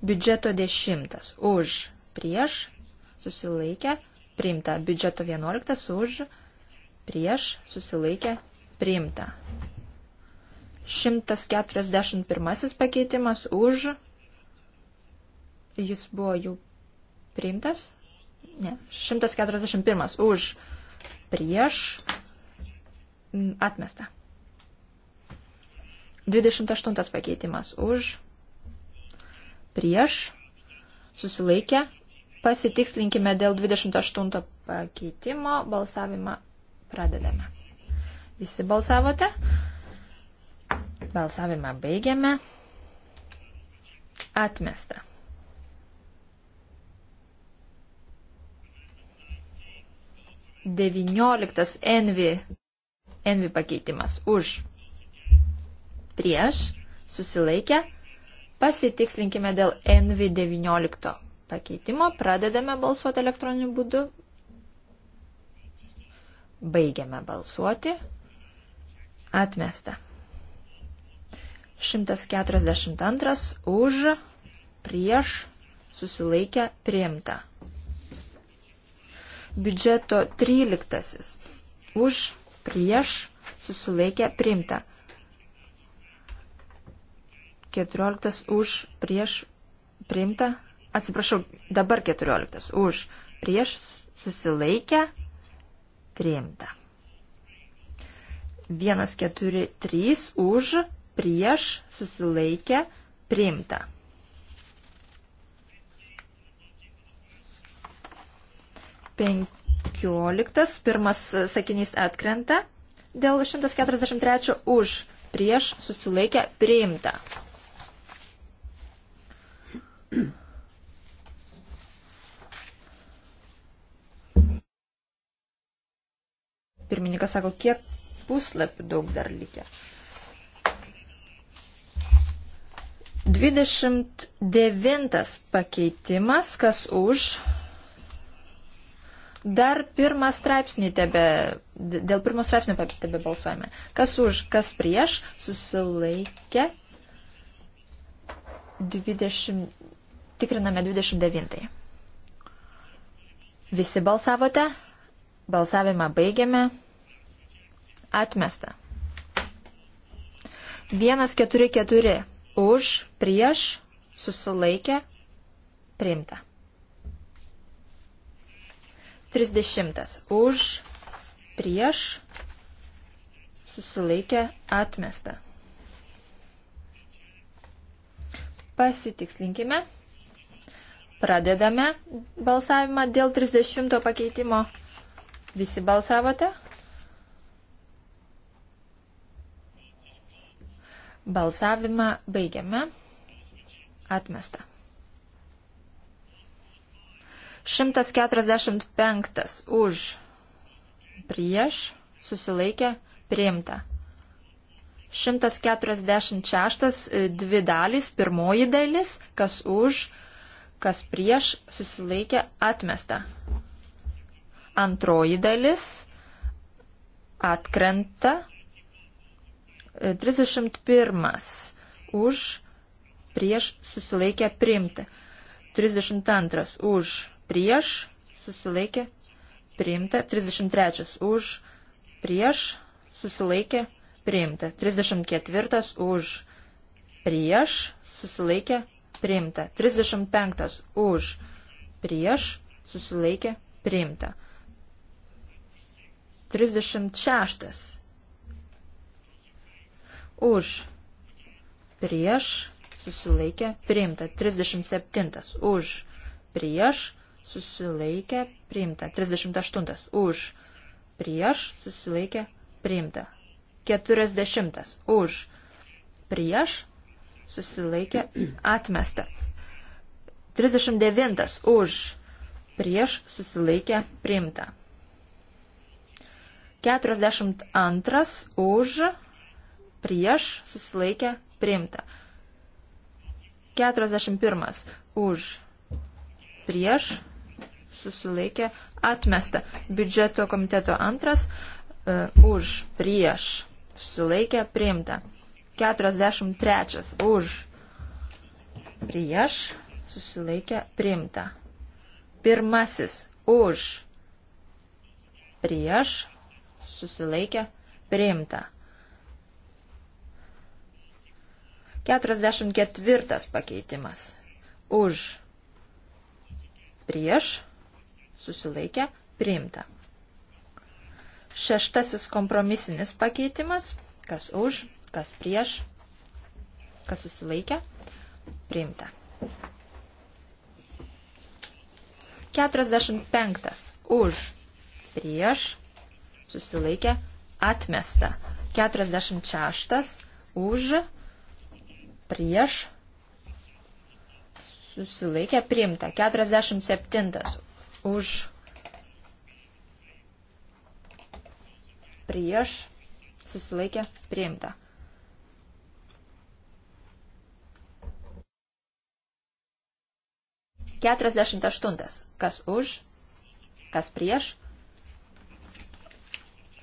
Biudžeto 10 už prieš susilaikę priimta. Biudžeto 11 už prieš susilaikę priimta. 141 pakeitimas už. Jis buvo jau priimtas? Ne. 141 už prieš atmesta. 28 pakeitimas už prieš, susilaikę. Pasitikslinkime dėl 28 pakeitimo, balsavimą pradedame. Visi balsavote? Balsavimą baigiame. Atmesta. Devynioliktas envi, envi pakeitimas už prieš susilaikę Pasitikslinkime dėl NV19 pakeitimo. Pradedame balsuoti elektroniniu būdu. Baigiame balsuoti. Atmesta. 142 už, prieš, susilaikę, priimta. Biudžeto 13. Už, prieš, susilaikę, priimta. 14 už prieš priimta. Atsiprašau, dabar 14 už prieš susilaikę priimta. 1, 4, 3 už prieš susilaikę priimta. Penkioliktas, pirmas sakinys atkrenta dėl 143 už prieš susilaikę priimta. pasako, kiek puslapių daug dar likę. 29 pakeitimas, kas už. Dar pirmą straipsnį tebe, dėl pirmo straipsnio tebe balsuojame. Kas už, kas prieš, susilaikė 20, tikriname 29. Visi balsavote? Balsavimą baigiame. Atmesta. 144. Už, prieš, susilaikė, priimta. 30. Už, prieš, susilaikė, atmesta. Pasitikslinkime. Pradedame balsavimą dėl 30 pakeitimo. Visi balsavote? Balsavimą baigiame. Atmesta. 145 už prieš susilaikė priimta. 146 e, dvi dalys, pirmoji dalis, kas už, kas prieš susilaikė atmesta. Antroji dalis atkrenta, 31 už, prieš susilaikė priimti. 32 už, prieš susilaikė priimti. 33 už, prieš susilaikė priimti. 34 už, prieš susilaikė priimti. 35 už, prieš susilaikė priimti. 36 už, prieš, susilaikė, priimta. 37 už, prieš, susilaikė, priimta. 38 už, prieš, susilaikė, priimta. 40 už, prieš, susilaikė, atmesta. 39 už, prieš, susilaikė, priimta. 42 už, prieš, susilaikė, priimta. 41 už, prieš, susilaikė, atmesta. Biudžeto komiteto antras uh, už, prieš, susilaikė, priimta. 43 už, prieš, susilaikė, priimta. Pirmasis už, prieš, susilaikė, priimta. 44 pakeitimas. Už. Prieš. Susilaikę. Priimta. Šeštasis kompromisinis pakeitimas. Kas už, kas prieš, kas susilaikė. Priimta. 45. Už, prieš, susilaikė, atmesta. 46. Už, prieš prieš, susilaikė priimta. 47 už, prieš, susilaikė priimta. Keturiasdešimt aštuntas. Kas už, kas prieš,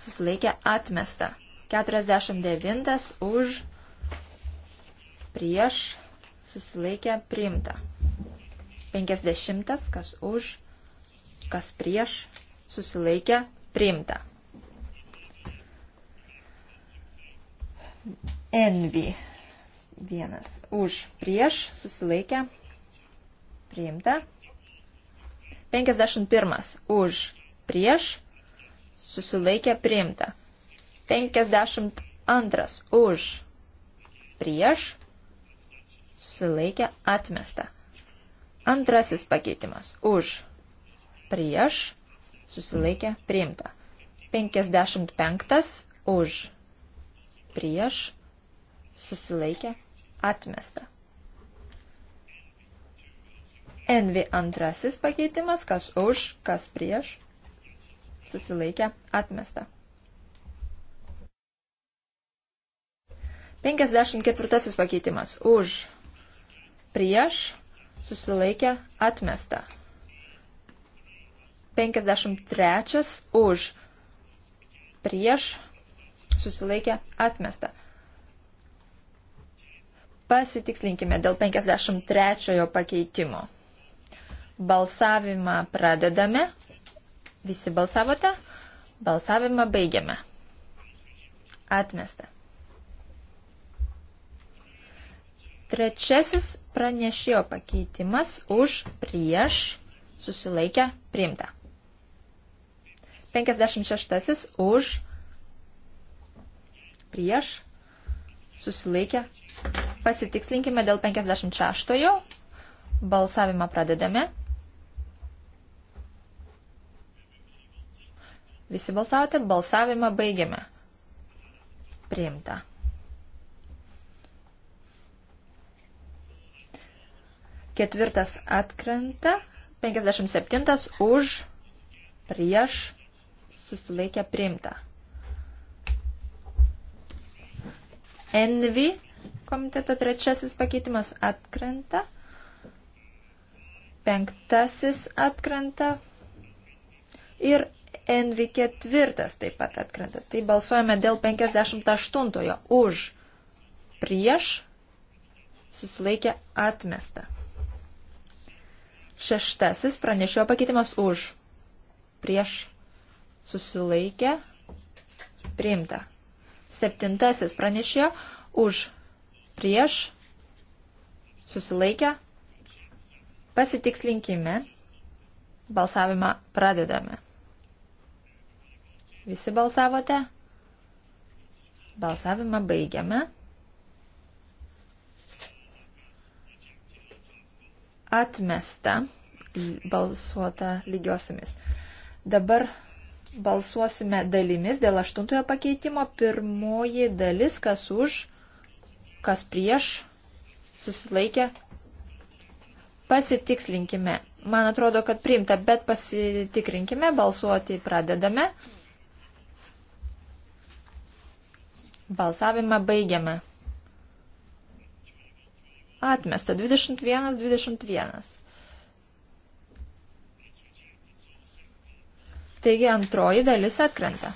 susilaikė atmesta. Keturiasdešimt devintas už, prieš prieš, susilaikė, priimta. 50, kas už, kas prieš, susilaikė, priimta. Envy. Vienas. Už, prieš, susilaikė, priimta. 51. Už, prieš, susilaikė, priimta. 52. Už, prieš, susilaikė atmesta. Antrasis pakeitimas už prieš susilaikė priimta. 55 už prieš susilaikė atmesta. Envi antrasis pakeitimas, kas už, kas prieš, susilaikė atmesta. 54 pakeitimas už prieš, susilaikė, atmesta. 53 už, prieš, susilaikė, atmesta. Pasitikslinkime dėl 53 pakeitimo. Balsavimą pradedame. Visi balsavote? Balsavimą baigiame. Atmesta. Trečiasis pranešėjo pakeitimas už prieš susilaikę priimta. 56 už prieš susilaikę. Pasitikslinkime dėl 56. Balsavimą pradedame. Visi balsavote, balsavimą baigiame. Priimta. Ketvirtas atkrenta. 57 už prieš susilaikę priimta. Envy komiteto trečiasis pakeitimas atkrenta. Penktasis atkrenta. Ir Envy ketvirtas taip pat atkrenta. Tai balsuojame dėl 58 už prieš susilaikę atmestą. Šeštasis pranešėjo pakeitimas už. Prieš susilaikę priimta. Septintasis pranešėjo už. Prieš susilaikę pasitikslinkime. Balsavimą pradedame. Visi balsavote? Balsavimą baigiame. atmesta, balsuota lygiosiamis. Dabar balsuosime dalimis dėl aštuntojo pakeitimo. Pirmoji dalis, kas už, kas prieš, susilaikė. Pasitikslinkime. Man atrodo, kad priimta, bet pasitikrinkime, balsuoti pradedame. Balsavimą baigiame. Atmesta 21, 21. Taigi antroji dalis atkrenta.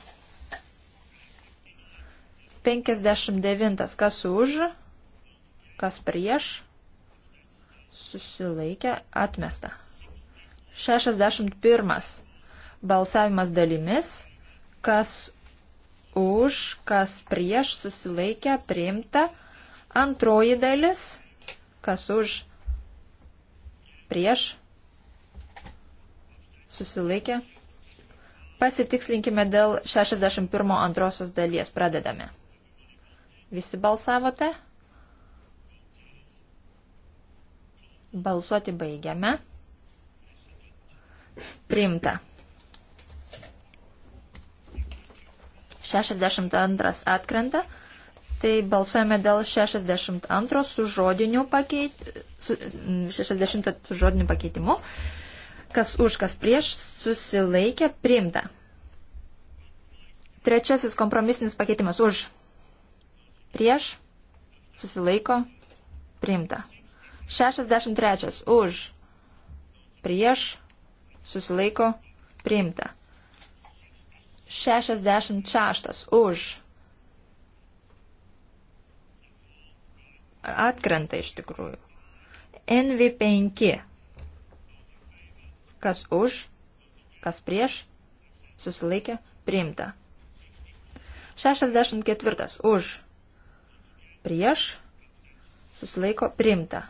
59. Kas už, kas prieš, susilaikė atmesta. 61. Balsavimas dalimis, kas už, kas prieš, susilaikė priimta. Antroji dalis Kas už? Prieš? Susilaikė? Pasitikslinkime dėl 61 antrosios dalies. Pradedame. Visi balsavote? Balsuoti baigiame. Priimta. 62 atkrenta. Tai balsuojame dėl 62 su žodiniu, pakeit, su, 60 mm, su žodiniu pakeitimu. Kas už, kas prieš susilaikė priimta. Trečiasis kompromisinis pakeitimas už, prieš susilaiko priimta. 63 už, prieš susilaiko priimta. 66 už atkrenta iš tikrųjų. NV5. Kas už, kas prieš, susilaikė, priimta. 64. Už, prieš, susilaiko, priimta.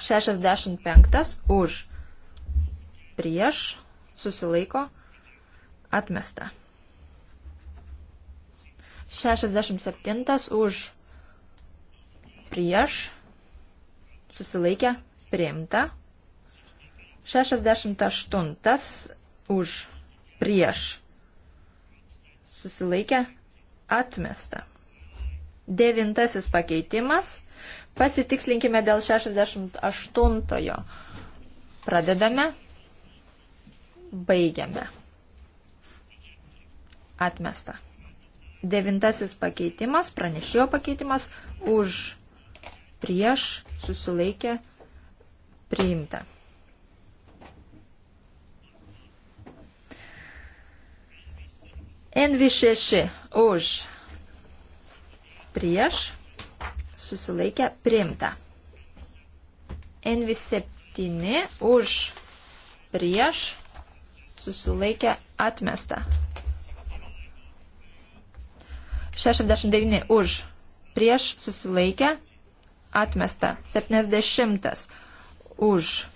65. Už, prieš, susilaiko, atmesta. 67. Už, prieš, susilaikę, priimta. 68 už, prieš, susilaikę, atmesta. Devintasis pakeitimas. Pasitikslinkime dėl 68-ojo. Pradedame. Baigiame. Atmesta. Devintasis pakeitimas, pranešėjo pakeitimas už prieš, susilaikė, priimta. NV6 už, prieš, susilaikė, priimta. NV7 už, prieš, susilaikė, atmesta. 69 už, prieš, susilaikė, atmesta. 70 už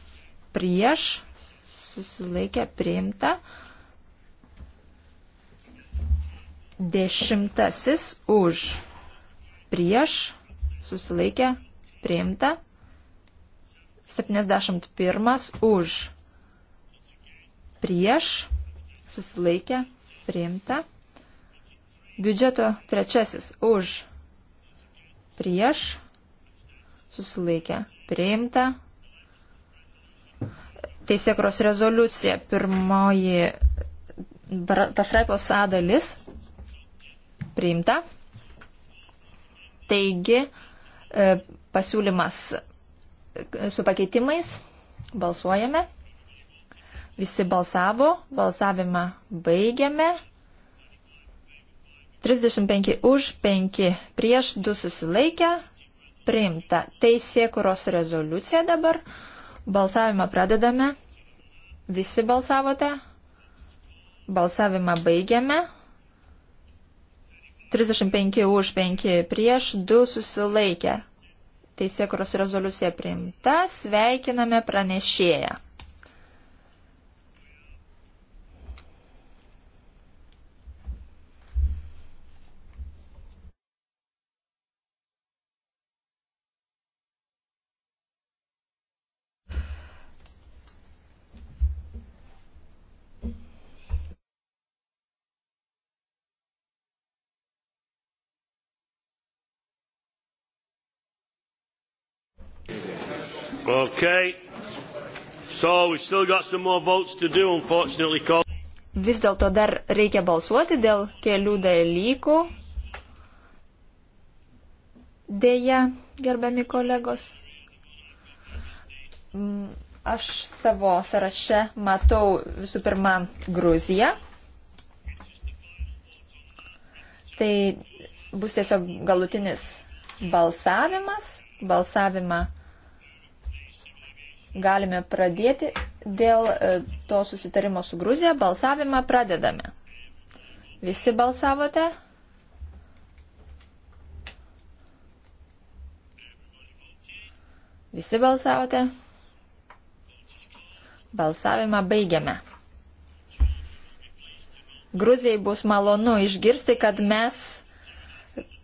prieš susilaikė priimta. Dešimtasis už prieš susilaikė priimta. 71 už prieš susilaikė priimta. Biudžeto trečiasis už prieš susilaikė priimta. Teisėkros rezoliucija pirmoji pasraipos A dalis priimta. Taigi e, pasiūlymas e, su pakeitimais balsuojame. Visi balsavo, balsavimą baigiame. 35 už, 5 prieš, 2 susilaikę priimta. Teisėkuros rezoliucija dabar. Balsavimą pradedame. Visi balsavote. Balsavimą baigiame. 35 už 5 prieš 2 susilaikę. Teisėkuros rezoliucija priimta. Sveikiname pranešėją. Okay. So we've still got some more votes to do, unfortunately. Vis dėlto dar reikia balsuoti dėl kelių dalykų. Deja, gerbiami kolegos. Aš savo sąraše matau visų pirma Gruziją. Tai bus tiesiog galutinis balsavimas. Balsavimą galime pradėti dėl e, to susitarimo su Gruzija. Balsavimą pradedame. Visi balsavote? Visi balsavote? Balsavimą baigiame. Gruzijai bus malonu išgirsti, kad mes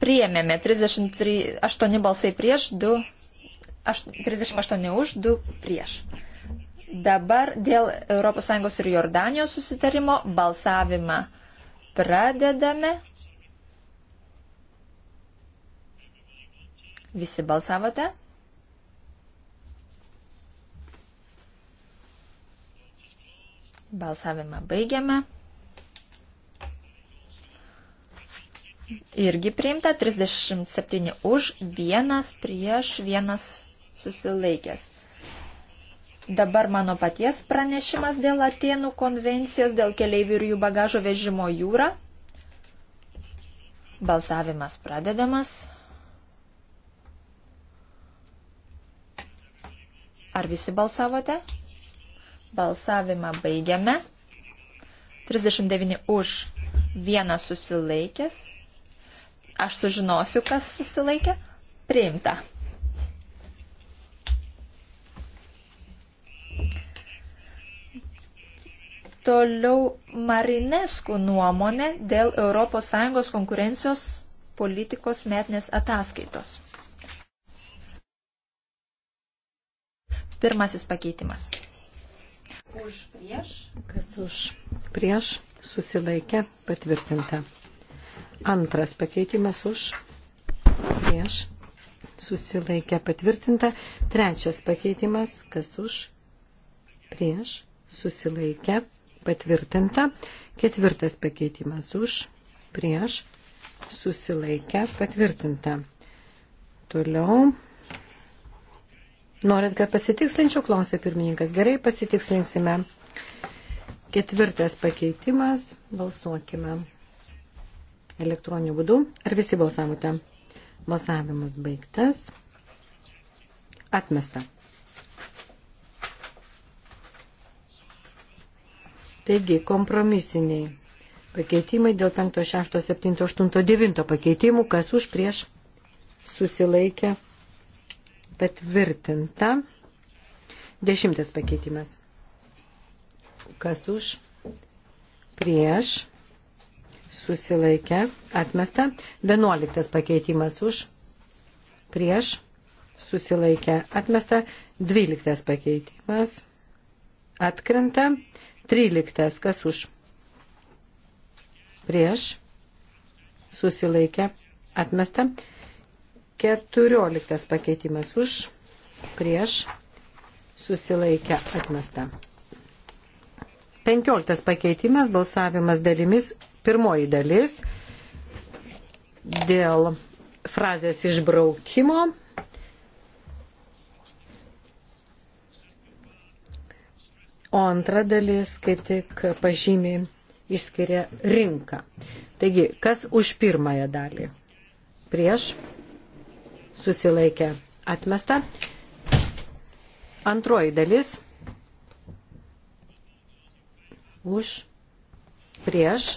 priėmėme 38 balsai prieš, 2 38 už, 2 prieš. Dabar dėl ES ir Jordanijos susitarimo balsavimą pradedame. Visi balsavote? Balsavimą baigiame. Irgi priimta 37 už, vienas prieš, vienas susilaikęs. Dabar mano paties pranešimas dėl Atenų konvencijos dėl keleivių ir jų bagažo vežimo jūra. Balsavimas pradedamas. Ar visi balsavote? Balsavimą baigiame. 39 už, vienas susilaikęs. Aš sužinosiu, kas susilaikė. Priimta. Toliau Marinesku nuomonė dėl ES konkurencijos politikos metinės ataskaitos. Pirmasis pakeitimas. Už prieš. Kas už prieš susilaikė patvirtinta. Antras pakeitimas už prieš susilaikė patvirtinta. Trečias pakeitimas kas už prieš susilaikė patvirtinta patvirtinta. Ketvirtas pakeitimas už, prieš, susilaikę, patvirtinta. Toliau. Norint, kad pasitikslinčiau, klausė pirmininkas. Gerai, pasitikslinsime. Ketvirtas pakeitimas. Balsuokime elektroniniu būdu. Ar visi balsavote? Balsavimas baigtas. Atmesta. Taigi, kompromisiniai pakeitimai dėl 5, 6, 7, 8, 9 pakeitimų, kas už prieš susilaikė patvirtinta. Dešimtas pakeitimas. Kas už prieš susilaikė atmesta. Vienuoliktas pakeitimas už prieš susilaikė atmesta. Dvyliktas pakeitimas atkrenta. 13. Kas už? Prieš. Susilaikė. Atmesta. 14. Pakeitimas už. Prieš. Susilaikė. Atmesta. 15. Pakeitimas. Balsavimas dalimis. Pirmoji dalis. Dėl frazės išbraukimo o antra dalis kaip tik pažymė išskiria rinką. Taigi, kas už pirmąją dalį? Prieš susilaikę atmestą. Antroji dalis už prieš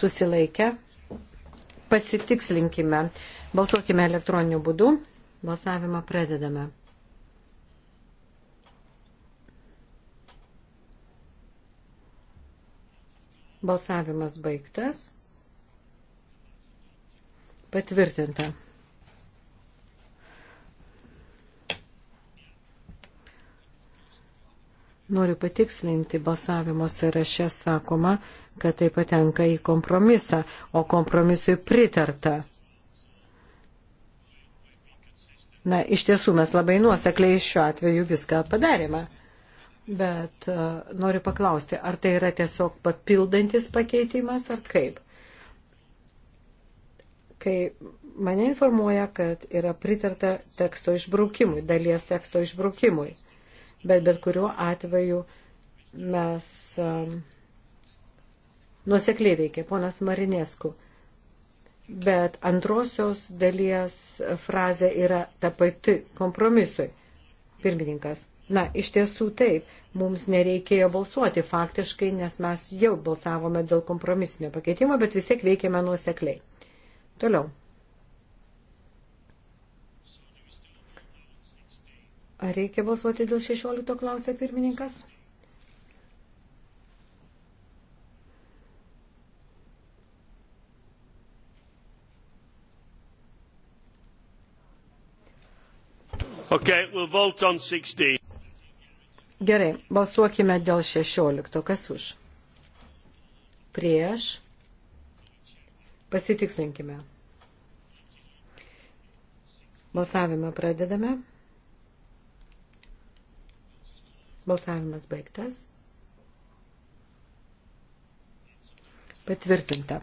susilaikę. Pasitikslinkime, balsuokime elektroniniu būdu, balsavimą pradedame. Balsavimas baigtas. Patvirtinta. Noriu patikslinti balsavimo sąraše sakoma, kad tai patenka į kompromisą, o kompromisui pritarta. Na, iš tiesų mes labai nuosekliai šiuo atveju viską padarėme bet e, noriu paklausti, ar tai yra tiesiog papildantis pakeitimas ar kaip? Kai mane informuoja, kad yra pritarta teksto išbraukimui, dalies teksto išbraukimui, bet bet kuriuo atveju mes um, nuosekliai veikia ponas Marinesku. Bet antrosios dalies frazė yra ta pati kompromisui. Pirmininkas. Na, iš tiesų taip, mums nereikėjo balsuoti faktiškai, nes mes jau balsavome dėl kompromisinio pakeitimo, bet vis tiek veikėme nuosekliai. Toliau. Ar reikia balsuoti dėl 16 klausė pirmininkas? Okay, we'll vote on 16. Gerai, balsuokime dėl 16. Kas už? Prieš. Pasitikslinkime. Balsavimą pradedame. Balsavimas baigtas. Patvirtinta.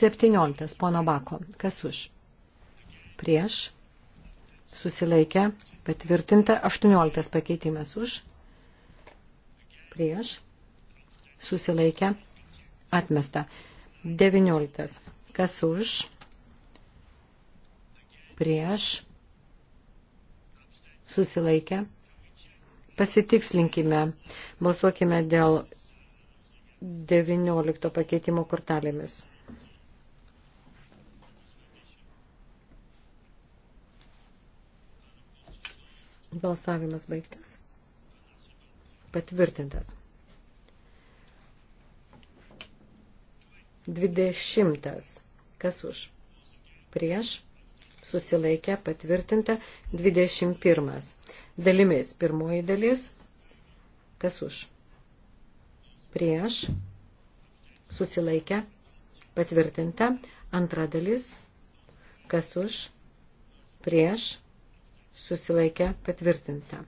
17. Pono Bako. Kas už? Prieš susilaikę, patvirtinta 18 pakeitimas už, prieš, susilaikę, atmesta 19. Kas už, prieš, susilaikę, pasitikslinkime, balsuokime dėl 19 pakeitimo kortelėmis. Balsavimas baigtas. Patvirtintas. 20. Kas už? Prieš. Susilaikė patvirtinta. 21. Dalimis. Pirmoji dalis. Kas už? Prieš. Susilaikė patvirtinta. Antra dalis. Kas už? Prieš susilaikė patvirtinta.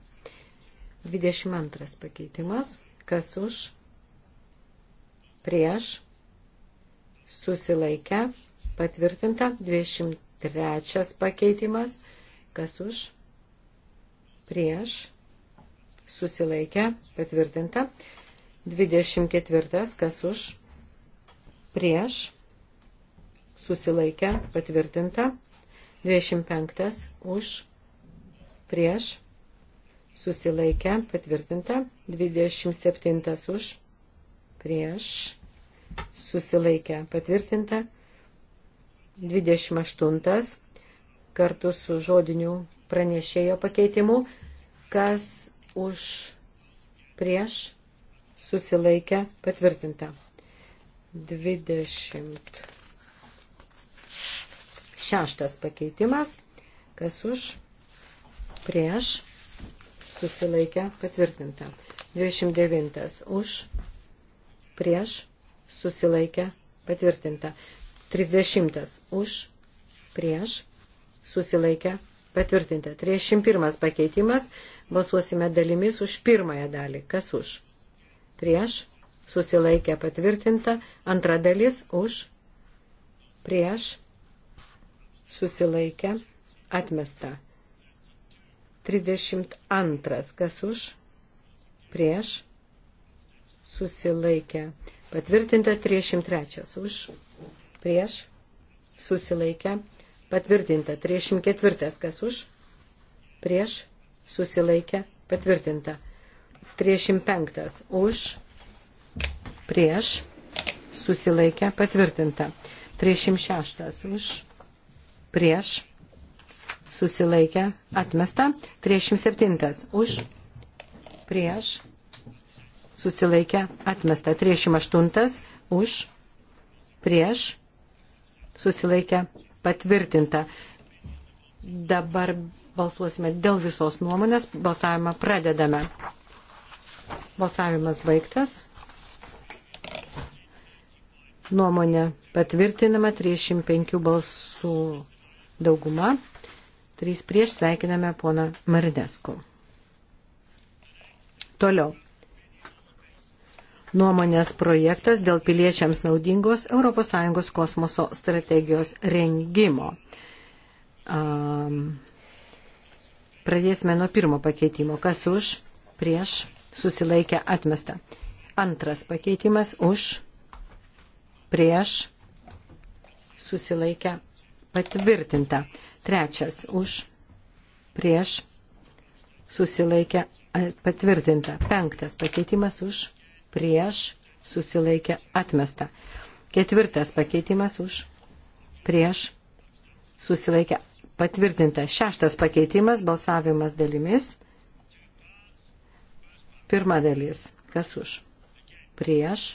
22 pakeitimas, kas už, prieš, susilaikė patvirtinta. 23 pakeitimas, kas už, prieš, susilaikė patvirtinta. 24 kas už, prieš, susilaikė patvirtinta. 25 už, prieš, susilaikę, patvirtinta, 27 už, prieš, susilaikę, patvirtinta, 28 kartu su žodiniu pranešėjo pakeitimu, kas už, prieš, susilaikę, patvirtinta. 26 pakeitimas, kas už, prieš, prieš, susilaikę, patvirtinta. 29 už, prieš, susilaikę, patvirtinta. 30 už, prieš, susilaikę, patvirtinta. 31 pakeitimas, balsuosime dalimis už pirmąją dalį. Kas už? Prieš, susilaikę, patvirtinta. Antra dalis už, prieš, susilaikę, atmesta. 32. Kas už? Prieš? Susilaikę. Patvirtinta 303. Už? Prieš? Susilaikę. Patvirtinta 304. Kas už? Prieš? Susilaikę. Patvirtinta. 305. Už? Prieš? Susilaikę. Patvirtinta. 306. Už? Prieš? susilaikę, atmesta. 37 už, prieš, susilaikę, atmesta. 38 už, prieš, susilaikę, patvirtinta. Dabar balsuosime dėl visos nuomonės. Balsavimą pradedame. Balsavimas baigtas. Nuomonė patvirtinama 305 balsų dauguma. 3 prieš sveikiname poną Marinesku. Toliau. Nuomonės projektas dėl piliečiams naudingos ES kosmoso strategijos rengimo. Um, pradėsime nuo pirmo pakeitimo. Kas už, prieš, susilaikę atmestą. Antras pakeitimas už, prieš, susilaikę patvirtintą. Trečias už prieš susilaikę patvirtinta. Penktas pakeitimas už prieš susilaikę atmesta. Ketvirtas pakeitimas už prieš susilaikę patvirtinta. Šeštas pakeitimas balsavimas dalimis. Pirma dalis. Kas už? Prieš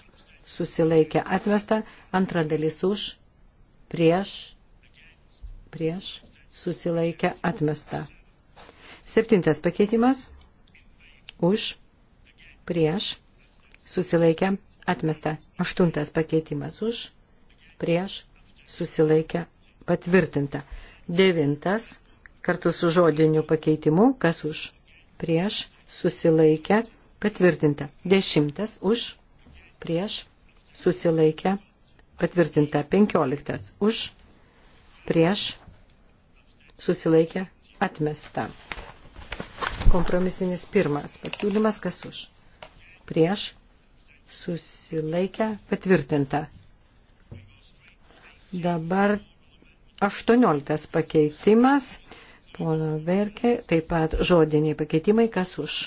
susilaikė atmesta. Antra dalis už prieš prieš susilaikę atmesta. Septintas pakeitimas už, prieš, susilaikę atmesta. Aštuntas pakeitimas už, prieš, susilaikę patvirtinta. Devintas kartu su žodiniu pakeitimu, kas už, prieš, susilaikę patvirtinta. Dešimtas už, prieš, susilaikę patvirtinta. Penkioliktas už, prieš, susilaikė, atmesta. Kompromisinis pirmas pasiūlymas, kas už, prieš, susilaikė, patvirtinta. Dabar 18 pakeitimas, pono Verkė, taip pat žodiniai pakeitimai, kas už,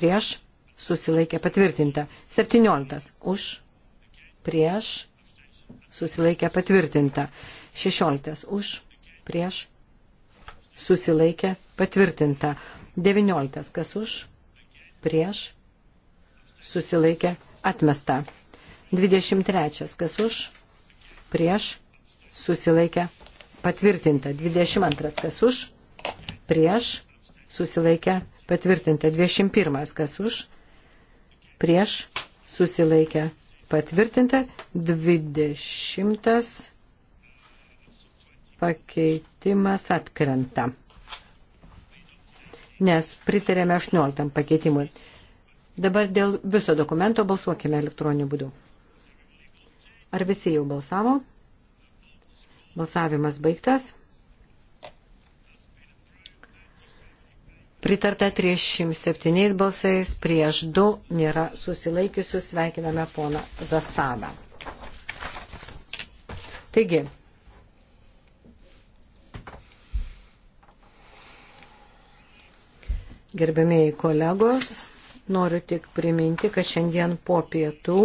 prieš, susilaikė, patvirtinta. 17 už, prieš, susilaikė, patvirtinta. 16 už, prieš, susilaikė, patvirtinta. 19. Kas už, prieš, susilaikė, atmesta. 23. Kas už, prieš, susilaikė, patvirtinta. 22. Kas už, prieš, susilaikė, patvirtinta. 21. Kas už, prieš, susilaikė, patvirtinta. 20 pakeitimas atkrenta, nes pritarėme 18 pakeitimui. Dabar dėl viso dokumento balsuokime elektroniniu būdu. Ar visi jau balsavo? Balsavimas baigtas. Pritarta 307 balsais, prieš 2 nėra susilaikiusių, sveikiname poną Zasadą. Taigi, Gerbėmiai kolegos, noriu tik priminti, kad šiandien po pietų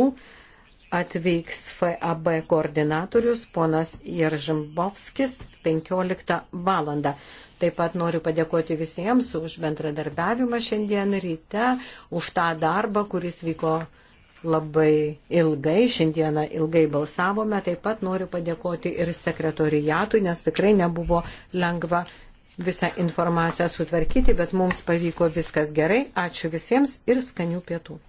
atvyks FAB koordinatorius ponas Jeržimbovskis 15 valandą. Taip pat noriu padėkoti visiems už bendradarbiavimą šiandien ryte, už tą darbą, kuris vyko labai ilgai, šiandieną ilgai balsavome. Taip pat noriu padėkoti ir sekretoriatui, nes tikrai nebuvo lengva visą informaciją sutvarkyti, bet mums pavyko viskas gerai. Ačiū visiems ir skanių pietų.